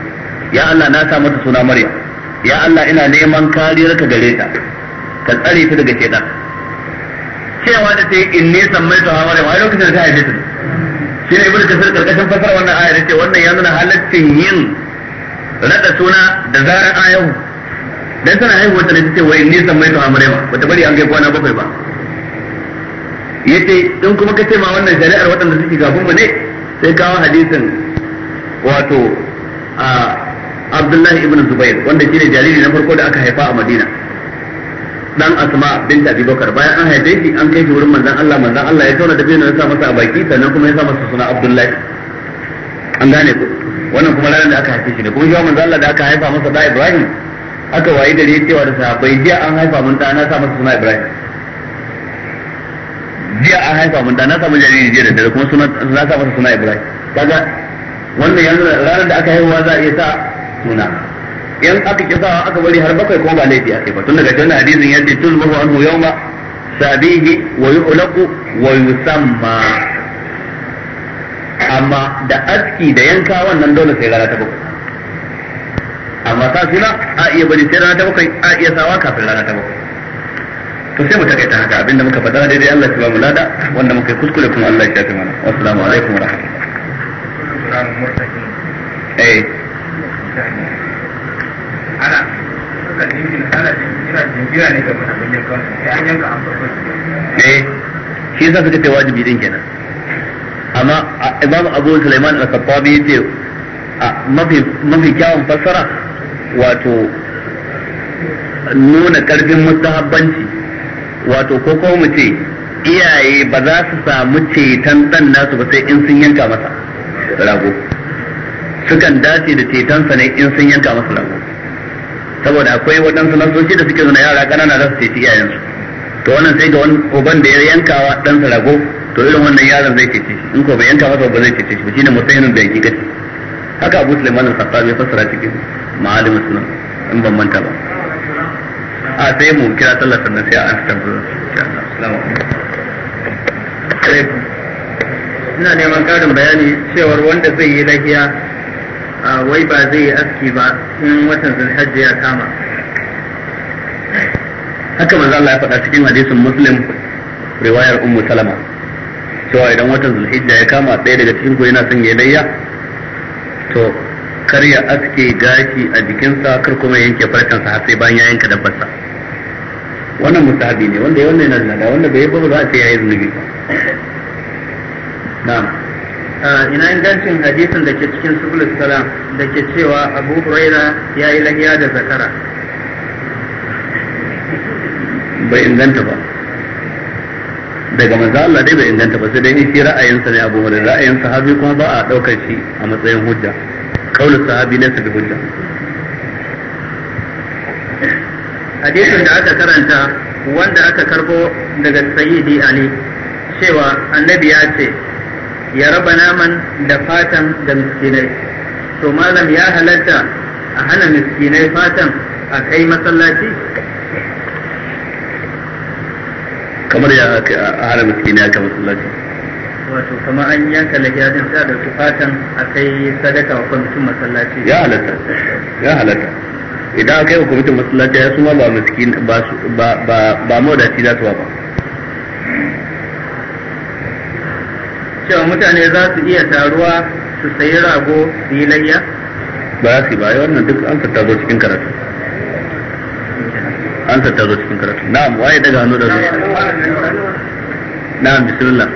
ya Allah na sa mata suna maryam ya Allah ina neman kariyar ka gare ta ka tsare ta daga shaytan cewa da ta yi ne samai ta hawa da wani lokacin da ta haife shi ne ibn kasir karkashin fasar wannan ayar ce wannan ya nuna halaccin yin rada suna da zarar ayahu dan tana haihuwa ta ce wa ne samai ta hawa ba ta bari an gai kwana bakwai ba yace in kuma ka ce ma wannan shari'ar waɗanda suke gafin mu ne sai kawo hadisin wato a Abdullahi ibn Zubair wanda shine jariri na farko da aka haifa a Madina dan asma bin abi bakar bayan an haife shi an kai shi wurin manzon Allah manzon Allah ya tauna da bin ya sa masa a baki sannan kuma ya sa masa suna Abdullahi an gane ku wannan kuma ranar da aka haife shi ne kuma shi manzon Allah da aka haifa masa da Ibrahim aka wayi da ya cewa da sahabbai jiya an haifa mun da na sa masa suna Ibrahim jiya an haifa mun da na sa mun jariri jiya da dare kuma suna na sa masa suna Ibrahim kaga wannan yanzu ranar da aka haihuwa za a iya sa suna Yan aka kisa aka bari har bakwai ko ba laifi akai ba tun daga cikin hadisin yadda tuzmahu anhu yawma sabihi wa yuhlaqu wa yusamma amma da aski da yanka wannan dole sai rana ta bakwai amma ta suna a iya bari sai rana ta bakwai a iya sawa kafin rana ta bakwai to sai mu takaita haka abinda muka faɗa daidai Allah ya ba mu lada wanda muka yi kuskure kuma Allah ya shafe mana assalamu alaikum wa rahmatullahi eh hana sukan dinkin hana jinkira ne ga musamman yankan sai an yanka an farko eh shi yasa suka ce wajibi din kenan amma imam abu sulaiman al-khattabi yace mafi mafi kyawun fassara wato nuna karfin mustahabbanci wato ko ko mu ce iyaye ba za su samu ceton dan nasu ba sai in sun yanka masa rago sukan dace da cetonsa ne in sun yanka masa rago saboda akwai waɗansu nasoshi da suke nuna yara ƙanana za su ceci iyayensu to wannan sai ga uban da ya yankawa ɗansa rago to irin wannan yaron zai ceci in ko bai yanka masa ba zai ceci shi shine musayinun da yake gaci haka Abu Sulaiman al-Khattabi fassara cikin ma'alim sunan in ban manta ba a sai mu kira sallar sannan sai a an tambayoyi da Allah ina neman karin bayani cewar wanda zai yi lahiya wai ba zai yi aski ba in watan zulhajji ya kama haka manzo Allah ya faɗa cikin hadisin muslim riwayar ummu salama cewa idan watan zulhijja ya kama ɗaya daga cikin ku yana son ya layya to kar ya aske gashi a jikinsa kar kuma yanke farkansa har sai bayan ya yanka dabbarsa wannan musahabi ne wanda ya wannan yana da wanda bai yi ba ba za a ce ya yi zunubi ba na'am ina ingancin hadisin da ke cikin subulus salam da ke cewa abu huraira ya yi lahiya da zakara bai inganta ba daga manzo Allah dai bai inganta ba sai dai shi ra'ayinsa ne abu huraira ra'ayin sahabi kuma ba a daukar shi a matsayin hujja kaulin sahabi ne su da hujja hadisin da aka karanta wanda aka karbo daga sayyidi ali cewa annabi ya ce ya raba naman da fatan da miskinai to malam ya halatta a hana miskinai fatan a kai masallaci kamar ya a hana miskinai a kai masallaci wato kama an yanka lahiya sa da su fatan a kai sadaka wa kwamitin masallaci ya halatta ya halatta idan aka yi wa kwamitin masallaci ya suma ba miskin ba ba ba ba ba su ba cewa mutane za su iya taruwa su sayi rago su yi layya ba su ba yi wannan duk an tattazo cikin karatu an tattazo cikin karatu na'am waye daga hannu da zuwa na'am bismillah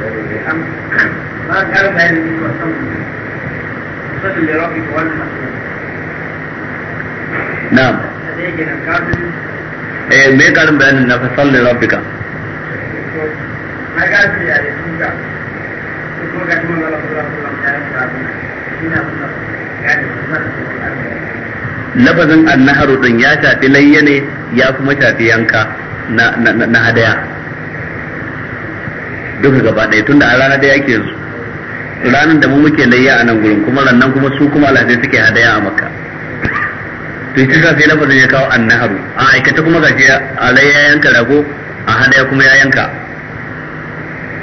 na'am eh me karin bayanin na fasal rabbika na ya kuma labazin annaharu din ya shafi layya ne ya kuma shafi yanka na na hadaya duka gaba ɗaya tunda a rana ɗaya ke ranar da mu muke layya a nan gurin kuma rannan kuma su kuma lafiya suke hadaya a makka to shi sa sai lafazin ya kawo annaharu a aikata kuma gashi a layya yanka rago a hadaya kuma ya yanka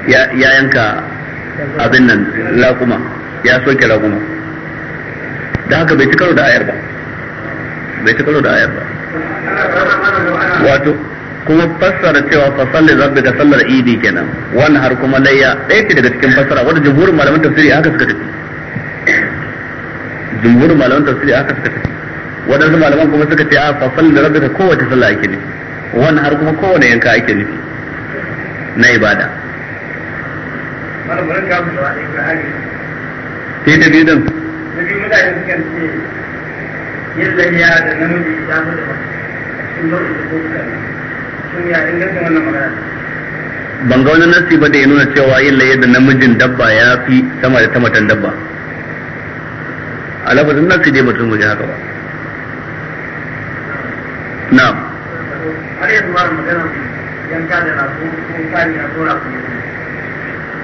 ya yanka abin nan laƙuma, ya soke laƙuma. da haka bai ci karo da ayar ba bai ci karo da ayar ba wato kuma fassara cewa fa salli rabbi da sallar idi kenan wannan har kuma layya ɗaya ce daga cikin fassara wanda jumhurin malaman tafsiri haka suka tafi jumhurin malaman tafsiri haka suka tafi waɗansu malaman kuma suka ce a fa salli rabbi ka kowace sallah ake nufi wannan har kuma kowane yanka ake nufi na ibada sai da biyu din da biyu mutane suka ce yin zaniya da namiji ya fi da cikin lokacin ko kuka sun ya inganta wannan magana ban ga wani nasi ba da ya nuna cewa yin laye da namijin dabba ya fi sama da ta matan dabba a lafazin nasi dai mutum bai haka ba na har yanzu ba magana yanka da na rafu ko kari a ko rafu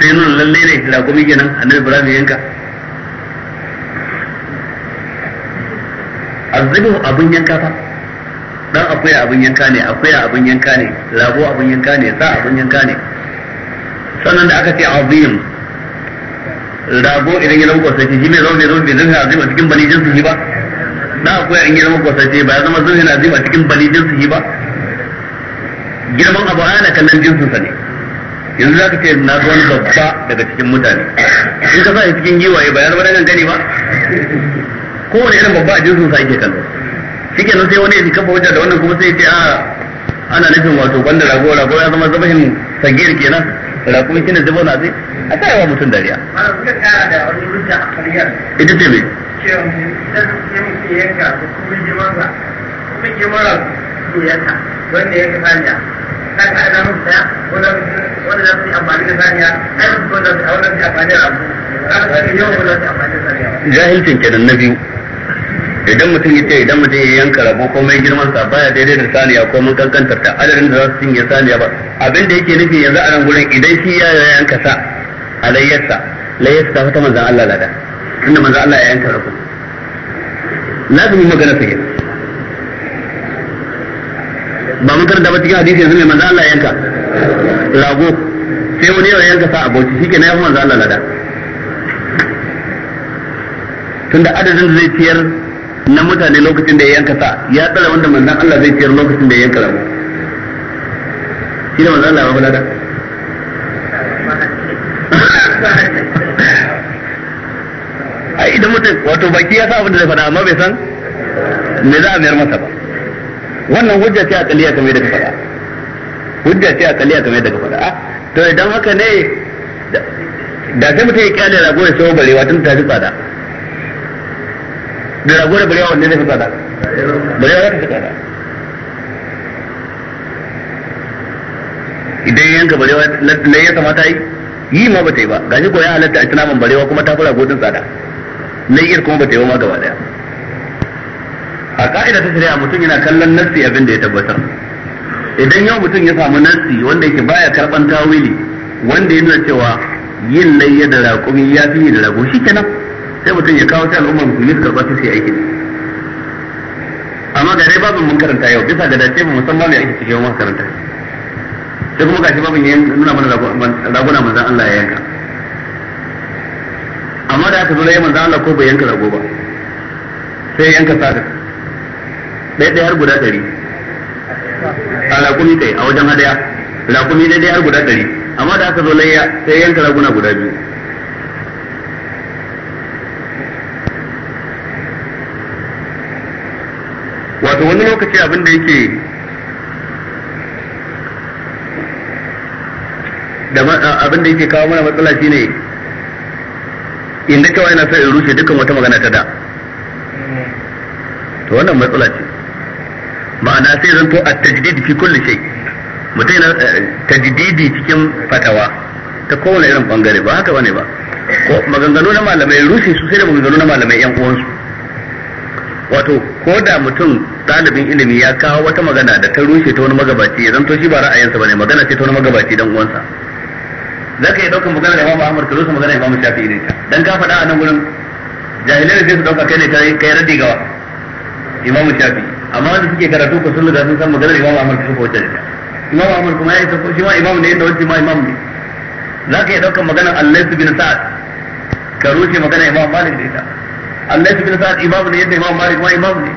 sai nuna lalle ne rakumi kenan annabi ibrahim ya yanka azzabu abun yanka fa dan akwai abun yanka ne akwai abun yanka ne labo abun yanka ne sa abun yanka ne sannan da aka ce azim labo idan ya zama kwasace shi ne zama mai zama bai zama azim a cikin bani jinsu shi ba dan akwai an yi zama kwasace ba ya zama zama azim a cikin bani jinsu shi ba girman abu ana kallon jinsu sa ne yanzu za ka ce na ga wani babba daga cikin mutane in ka sa shi cikin giwaye ba ya zama nan gani ba kowane irin babba a jinsu sa ake kallo shi kenan sai wani ya fi kafa wajen da wannan kuma sai ce a ana nufin wato banda rago rago ya zama zabahin sangiyar kenan rago shi ne zaba na zai a sa yawa mutum dariya ita ce mai yanka kuma jimara wanda ya ka jahilcin kenan na biyu idan mutum ya ce idan mutum ya yanka rabo ko mai girman sa baya daidai da saniya ko mun kankantar ta adadin da za su cinye saniya ba abin da yake nufi yanzu a nan gurin idan shi ya yanka sa a layyarsa layyarsa ta fata manzan Allah lada tunda manzan Allah ya yanka rabo lazumi magana ta gina ba mun karanta ba cikin hadisi yanzu mai manzo Allah yanka rago sai wani yau yanka sa aboki shike na yawan manzo Allah lada tunda adadin zai ciyar na mutane lokacin da ya yanka sa ya tsara wanda manzo Allah zai ciyar lokacin da ya yanka rago shi da manzo Allah ba lada ai idan mutum wato baki ya sa abin da zai faɗa amma bai san me za a mayar masa ba wannan hujja ce akaliya kamar yadda ka faɗa hujja ce akaliya kamar yadda ka faɗa to idan haka ne da sai mutum ya kyale rago ya sayo barewa tun ta fi tsada da rago da barewa wanne zai fi tsada barewa za ta fi tsada idan yanka barewa na ya kamata yi yi ma ba ta yi ba gashi ko ya halatta a tunaman barewa kuma ta fara godin tsada na iya kuma ba ta yi ba ma gaba daya a ka'ida ta shari'a mutum yana kallon nassi abin da ya tabbatar idan yau mutum ya samu nassi wanda yake baya karban tawili wanda ya nuna cewa yin layya da raƙumi ya fi da rago shi kenan sai mutum ya kawo ta al'ummar musulmi su karɓa su sai aikin amma ga dai babin mun karanta yau bisa ga dace mu musamman mai aiki cikin mun karanta sai kuma gashi babin ya nuna mana raguna manzan Allah ya yanka amma da aka zo da manzan Allah ko bai yanka rago ba sai yanka sadaka ɗaya ɗaya har guda ɗari a rakumi kai a wajen hadaya rakumi ɗaya ɗaya har guda ɗari amma da aka zo layya sai yanka raguna guda biyu wato wani lokaci abin da yake da abin da yake kawo mana matsala shine inda cewa yana sa in rushe dukkan wata magana ta da to wannan matsala ce ma'ana sai zanto a tajdidi fi kulli shay mutum yana eh, tajdidi cikin fatawa ta kowane irin bangare ba haka bane ba ko maganganu na malamai rushe su sai da maganganu na malamai yan uwansu wato ko da mutum ɗalibin ilimi ya kawo wata magana da ta rushe ta wani magabaci ya zanto shi ba ra'ayinsa bane magana ce ta wani magabaci dan uwansa zaka yi daukan magana da Imam Ahmad ka rusa magana Imam Shafi'i ne ta dan ka faɗa a nan gurin jahilai da su dauka kai ne kai raddi gawa Imam Shafi'i amma wanda suke karatu ko sun riga sun san maganar imam Ahmad su ko wajen imam Ahmad kuma ya isa shi ma imam ne inda wajen ma imam ne za ka iya ɗaukar maganar Allah bin Sa'ad ka rushe maganar imam Malik da ita Allah bin Sa'ad imam ne yadda imam Malik ma imam ne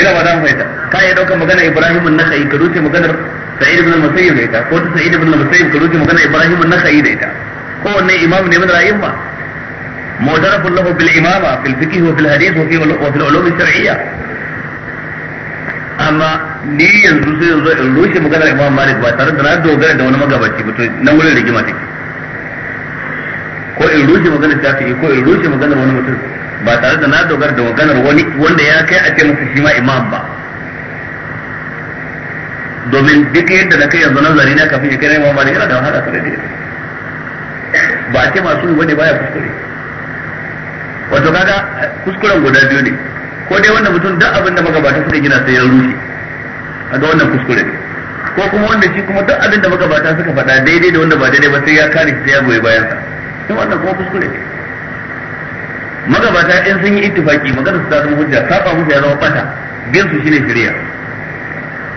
ina ba za mu fahimta ka iya ɗaukar maganar Ibrahim an-Nakhai ka rushe maganar Sa'id bin al-Musayyib da ita ko ta Sa'id bin al-Musayyib ka rushe maganar Ibrahim an-Nakhai da ita kowanne imam ne min ra'ayin ba مدرب له بالإمامة في الفقه وفي الحديث وفي وفي العلوم الشرعية amma ni yanzu sai yanzu in ba tare da na dogara da wani magabaci ba to nan wurin rigima take wani mutum ba tare da na dogara da maganar wani wanda ya kai a ce masa shi ma domin duk yadda na kai yanzu nazari na kafin ya kai na Imam Malik yana da wahala kare da ba a ce masu wani baya kuskure wato kaga kuskuren guda biyu ne ko dai wanda mutum duk abin da magabata suka gina sai ya rushe kaga wannan kuskure ne ko kuma wanda shi kuma duk abin da magabata suka faɗa daidai da wanda ba daidai ba sai ya kare sai ya goyi bayan sa sai wannan kuma kuskure ne magabata in sun yi ittifaki magana su zama hujja saba musu ya zama bata bin su shine shari'a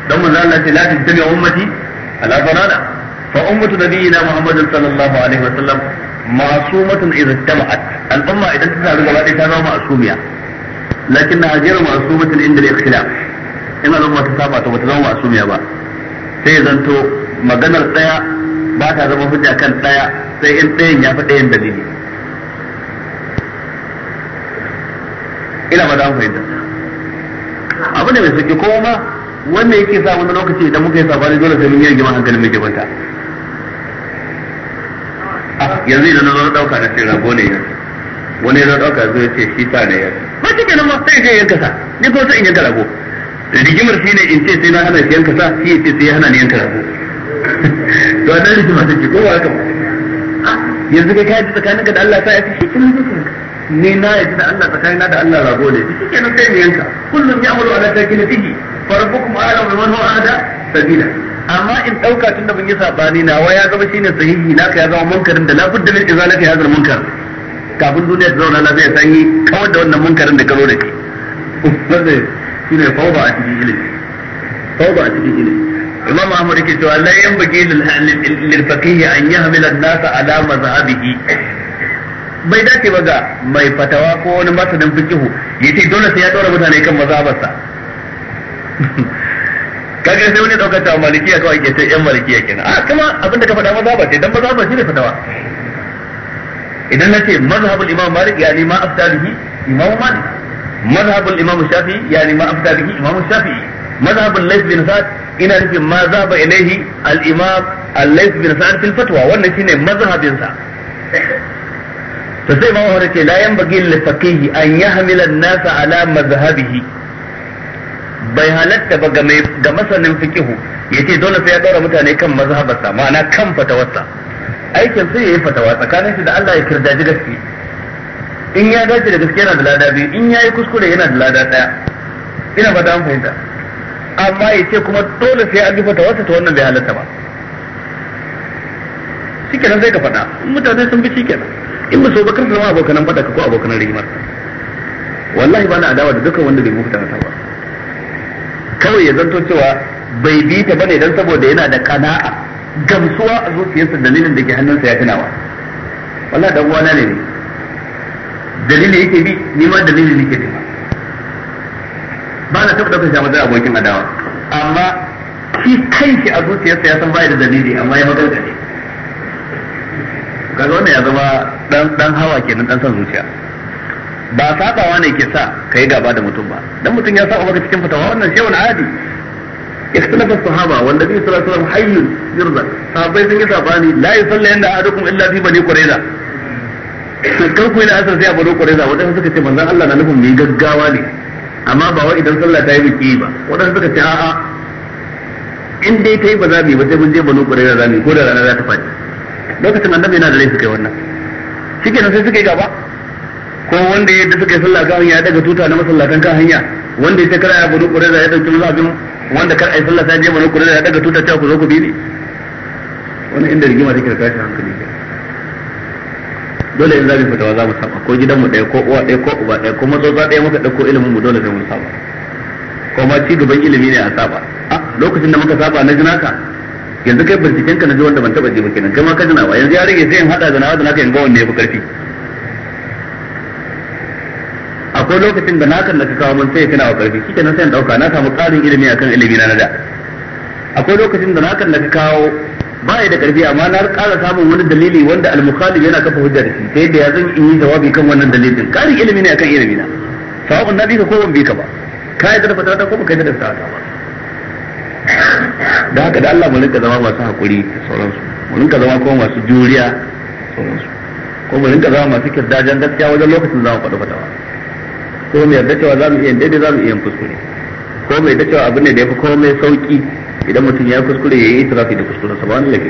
dan manzo Allah ce la tajtami ummati ala dalala fa ummatu nabiyina muhammadin sallallahu alaihi wasallam ma'sumatun idza jama'at al'umma idan ta taru gaba ɗaya ta zama ma'sumiya lakinna ghayru ma'sumatin inda al-ikhtilaf in al'umma ta saba ta bata zama ma'sumiya ba sai zan to maganar daya ba ta zama hujja kan daya sai in dayan ya fi dayan dalili ina ba za mu fahimta abu ne mai sauki ko ma wanda yake sa wani lokaci idan muka yi sabani dole sai mun yi rigima hankalin mai jibanta yanzu idan na zo dauka na sai rago ne wani ya dauka zai ce shi ta ne ya? ba shi kenan ma sai zai yanka sa ni ko sai in yanka rago rigimar shi ne in ce sai na hana shi yanka sa shi ce sai ya hana ni yanka rago to a nan rigima ta ce ko ba haka yanzu kai tsakanin tsakaninka da Allah sai yi shi kenan zai yanka ni na yi da Allah na da Allah rago ne shi kenan sai mu yanka kullum ya amuru ala sakina fihi fa a'lamu man huwa ada sabila amma in dauka tun da mun yi sabani na wa ya zama shine sahihi ka ya zama munkarin da da min ka ya zama munkar kafin duniya ta zauna lafiya san yi kawar da wannan munkarin da karo da shi wannan shine a cikin ilimi Fauba a cikin ilimi imam ahmad yake cewa la yanbaghi lil faqih an yahmila an-nas ala mazhabihi bai dace ba ga mai fatawa ko wani masanin fiqh yace dole sai ya dora mutane kan mazhabarsa kaga sai wani daukar ta malikiya kawai ke sai yan malikiya kenan a ah, kuma abin da ka faɗa maza ba ce dan maza ba shi ne fatawa idan na ce mazhabul imam malik ya ni ma afdalihi imam malik mazhabul imam shafi'i ya ni ma afdalihi imam shafi'i mazhabul lays bin sa'd ina nufin ma zaba ilaihi al-imam al-lays bin sa'd fil fatwa wannan shine mazhabin sa to sai imam wani ce la yanbaghi lil faqih an yahmila an-nasa ala mazhabihi bai halatta ba ga masanin fikihu ya ce dole sai ya ɗora mutane kan mazhabarsa ma'ana kan fatawarsa aikin sai ya yi fatawa tsakanin shi da Allah ya kirdaji gaske in ya dace da gaske yana da lada biyu in ya yi kuskure yana da lada ɗaya ina ba an fahimta amma ya ce kuma dole sai an bi fatawarsa ta wannan bai halatta ba shikenan zai ka faɗa mutane sun bi shikenan in ba so ba kan zama abokan faɗa ka ko abokan rigimar wallahi ba na adawa da dukkan wanda bai mu fita ta ba kawai ya zanto cewa bai bi ta bane dan saboda yana da kana'a gamsuwa a zuciyarsa dalilin da ke hannunsa ya tunawa wallahi dan uwana ne dalili yake bi ni ma dalili nake bi ba na taɓa ɗaukar da abokin adawa amma shi kanshi a zuciyarsa ya san baya da dalili amma ya magana ne kaga wannan ya zama dan hawa kenan dan san zuciya ba sabawa ne ke sa ka yi gaba da mutum ba dan mutum ya saba maka cikin fatawa wannan shi wani adi اختلف الصحابة والنبي صلى الله عليه وسلم حي يرزق صحابي سنجي صحاباني لا inda عند illa fi bani بني قريظة kan ku yana asar sai a baro ƙwareza waɗansu suka ce manzon Allah na nufin mai gaggawa ne amma ba wai idan sallah ta yi biki ba wanda suka ce a'a in dai ta yi ba za mu yi ba sai mun je bani ƙwareza za mu yi ko da rana za ta faɗi lokacin annabi yana da laifi kai wannan shikenan sai suka yi gaba ko wanda yadda suka yi sallah kan hanya ya daga tuta na masallatan kan hanya wanda ya kar ya bani kureza ya dauki mazhabin wanda kar ai sallah sai je bunu kureza ya daga tuta cewa ku zo ku bi ni wannan inda rigima take da kashi hankali dole in zabi fitawa za mu saba ko gidan mu ɗaya ko uwa ɗaya ko uba ɗaya ko za ɗaya muka ɗauko ilimin mu dole sai mun saba ko ma ci gaban ilimi ne a saba a ah, lokacin da muka saba na jinaka yanzu kai bincikenka ka na ji wanda ban taba ji ba kenan kai ma ka jinawa yanzu ya rage sai in hada da nawa da naka in ga wanne ya fi karfi akwai lokacin da nakan da kawo mun sai tana wa karfi shi kenan sai in dauka na samu karin ilimi akan ilimi na da akwai lokacin da nakan da kawo ba da karfi amma na ƙara samun wani dalili wanda al-mukhalif yana kafa hujja da shi sai da ya zan yi jawabi kan wannan dalilin karin ilimi ne akan ilimi na sawabin na bi ka ko ban bi ka ba ka yi da ta ko ba ka yi da fatata ba da haka da Allah mu rinka zama masu hakuri da sauransu mu rinka zama kuma masu juriya da sauransu ko mu rinka zama masu kirdajen gaskiya wajen lokacin zama faɗi fatawa ko mai yarda cewa za mu iya daidai za mu iya kuskure ko mai yarda cewa abin ne da ya fi komai sauki idan mutum ya kuskure ya yi itirafi da kuskure sa ba wani lafi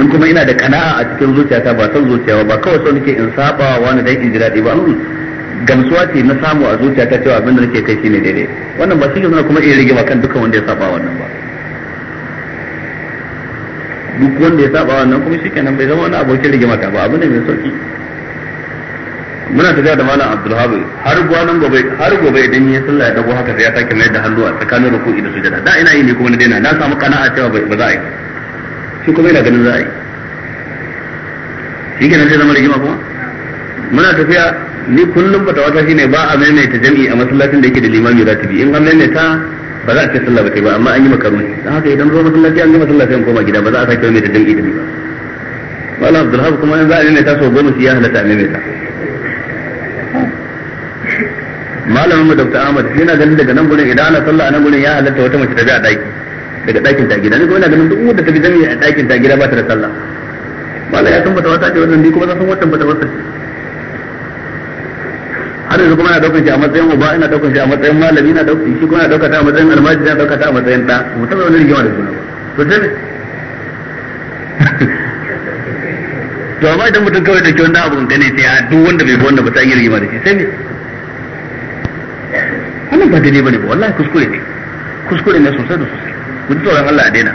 in kuma ina da kana'a a cikin zuciyata ba san zuciya ba kawai sau nake in saba wani dan in ji daɗi ba gamsuwa ce na samu a zuciyata cewa abin da nake kai shine daidai wannan ba shi ne kuma iya rigima kan dukkan wanda ya saba wannan ba duk wanda ya saba wannan kuma shikenan bai zama wani abokin rigima ta ba abin ne mai sauki muna tafiya da malam abdulhabu har gwanan gobe har gobe idan ya sallah ya dago haka sai ya sake mai da hannu a tsakanin ruku'i da sujada da ina yi ne kuma na daina na samu kana a cewa ba za a yi shi kuma ina ganin za a yi shi kenan zai zama rigima kuma muna tafiya ni kullum ba wata shine ba a maimaita jami'i a masallacin da yake da limami za ta bi in an maimaita ba za a ce sallah ba ta ba amma an yi makaruni dan haka idan zo masallaci an yi masallaci an koma gida ba za a sake maimaita jami'i da ni ba malam abdulhabu kuma in za a maimaita so goma shi ya halatta a maimaita malamin mu Dr. Ahmad shi yana ganin daga nan gurin idan ana sallah a nan gurin ya halatta wata mace ta bi a daki daga dakin ta gida ne kuma ina ganin duk wanda ta bi zami a dakin ta gida ba ta da sallah malam ya san bata wata ce wannan ni kuma san wata bata wata ce har yanzu kuma na daukar shi a matsayin uba ina daukar shi a matsayin malami ina daukar shi kuma ina daukar ta a matsayin almajiri ina daukar ta a matsayin da mutum wani rigima da juna to sai ne to amma idan mutum kawai da ke wanda abu ne sai a duk wanda bai bi wanda ba ta yi rigima da shi sai ne wannan ba daidai bane ba wallahi kuskure ne kuskure ne sosai da sosai ku tsoron Allah a daina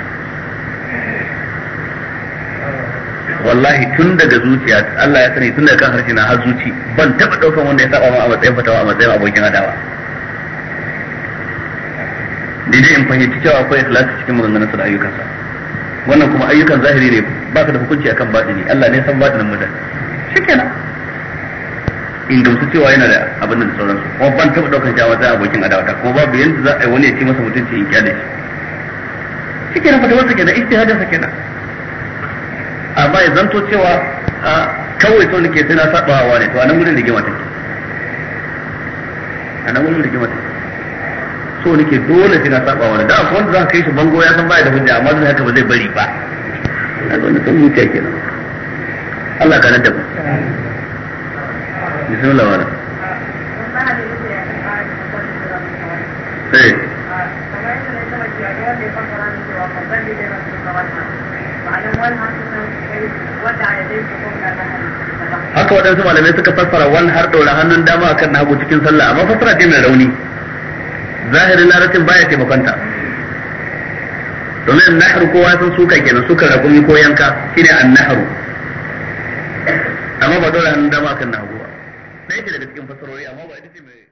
wallahi tun daga zuciya Allah ya sani tun daga kan harshe na har zuci ban taba daukan wanda ya saba ma a matsayin fatawa a matsayin abokin adawa dai in fahimci cewa akwai ikhlasi cikin maganganunsa da ayyukansa wannan kuma ayyukan zahiri ne baka da hukunci akan batini Allah ne san batinin mutane shikenan in gamsu cewa yana da abin da sauransu kuma ban taɓa ɗaukar shawa a abokin adawata ko babu yanzu za a yi wani ya ce masa mutunci in kyale shi shi kenan fatawarsa kenan sa kenan amma ya zanto cewa kawai sau nake sai na saba wa ne to a nan gudun rigima ke, a nan gudun rigima take so nake dole sai na saba wa ne da akwai wanda za ka kai shi bango ya san baya da hujja amma duk haka ba zai bari ba a zo na san zuciya kenan Allah ka nan da mu bismillah eh. haka waɗansu malamai suka fassara wani har ɗora hannun dama akan na hagu cikin sallah amma fassara ce mai rauni zahirin larabcin baya taimakonta domin an nahar kowa sun suka kenan suka rakumi ko yanka shine an naharu amma ba ɗora hannun dama akan na hagu ɗaya ce daga cikin fasarori amma ba ita ce mai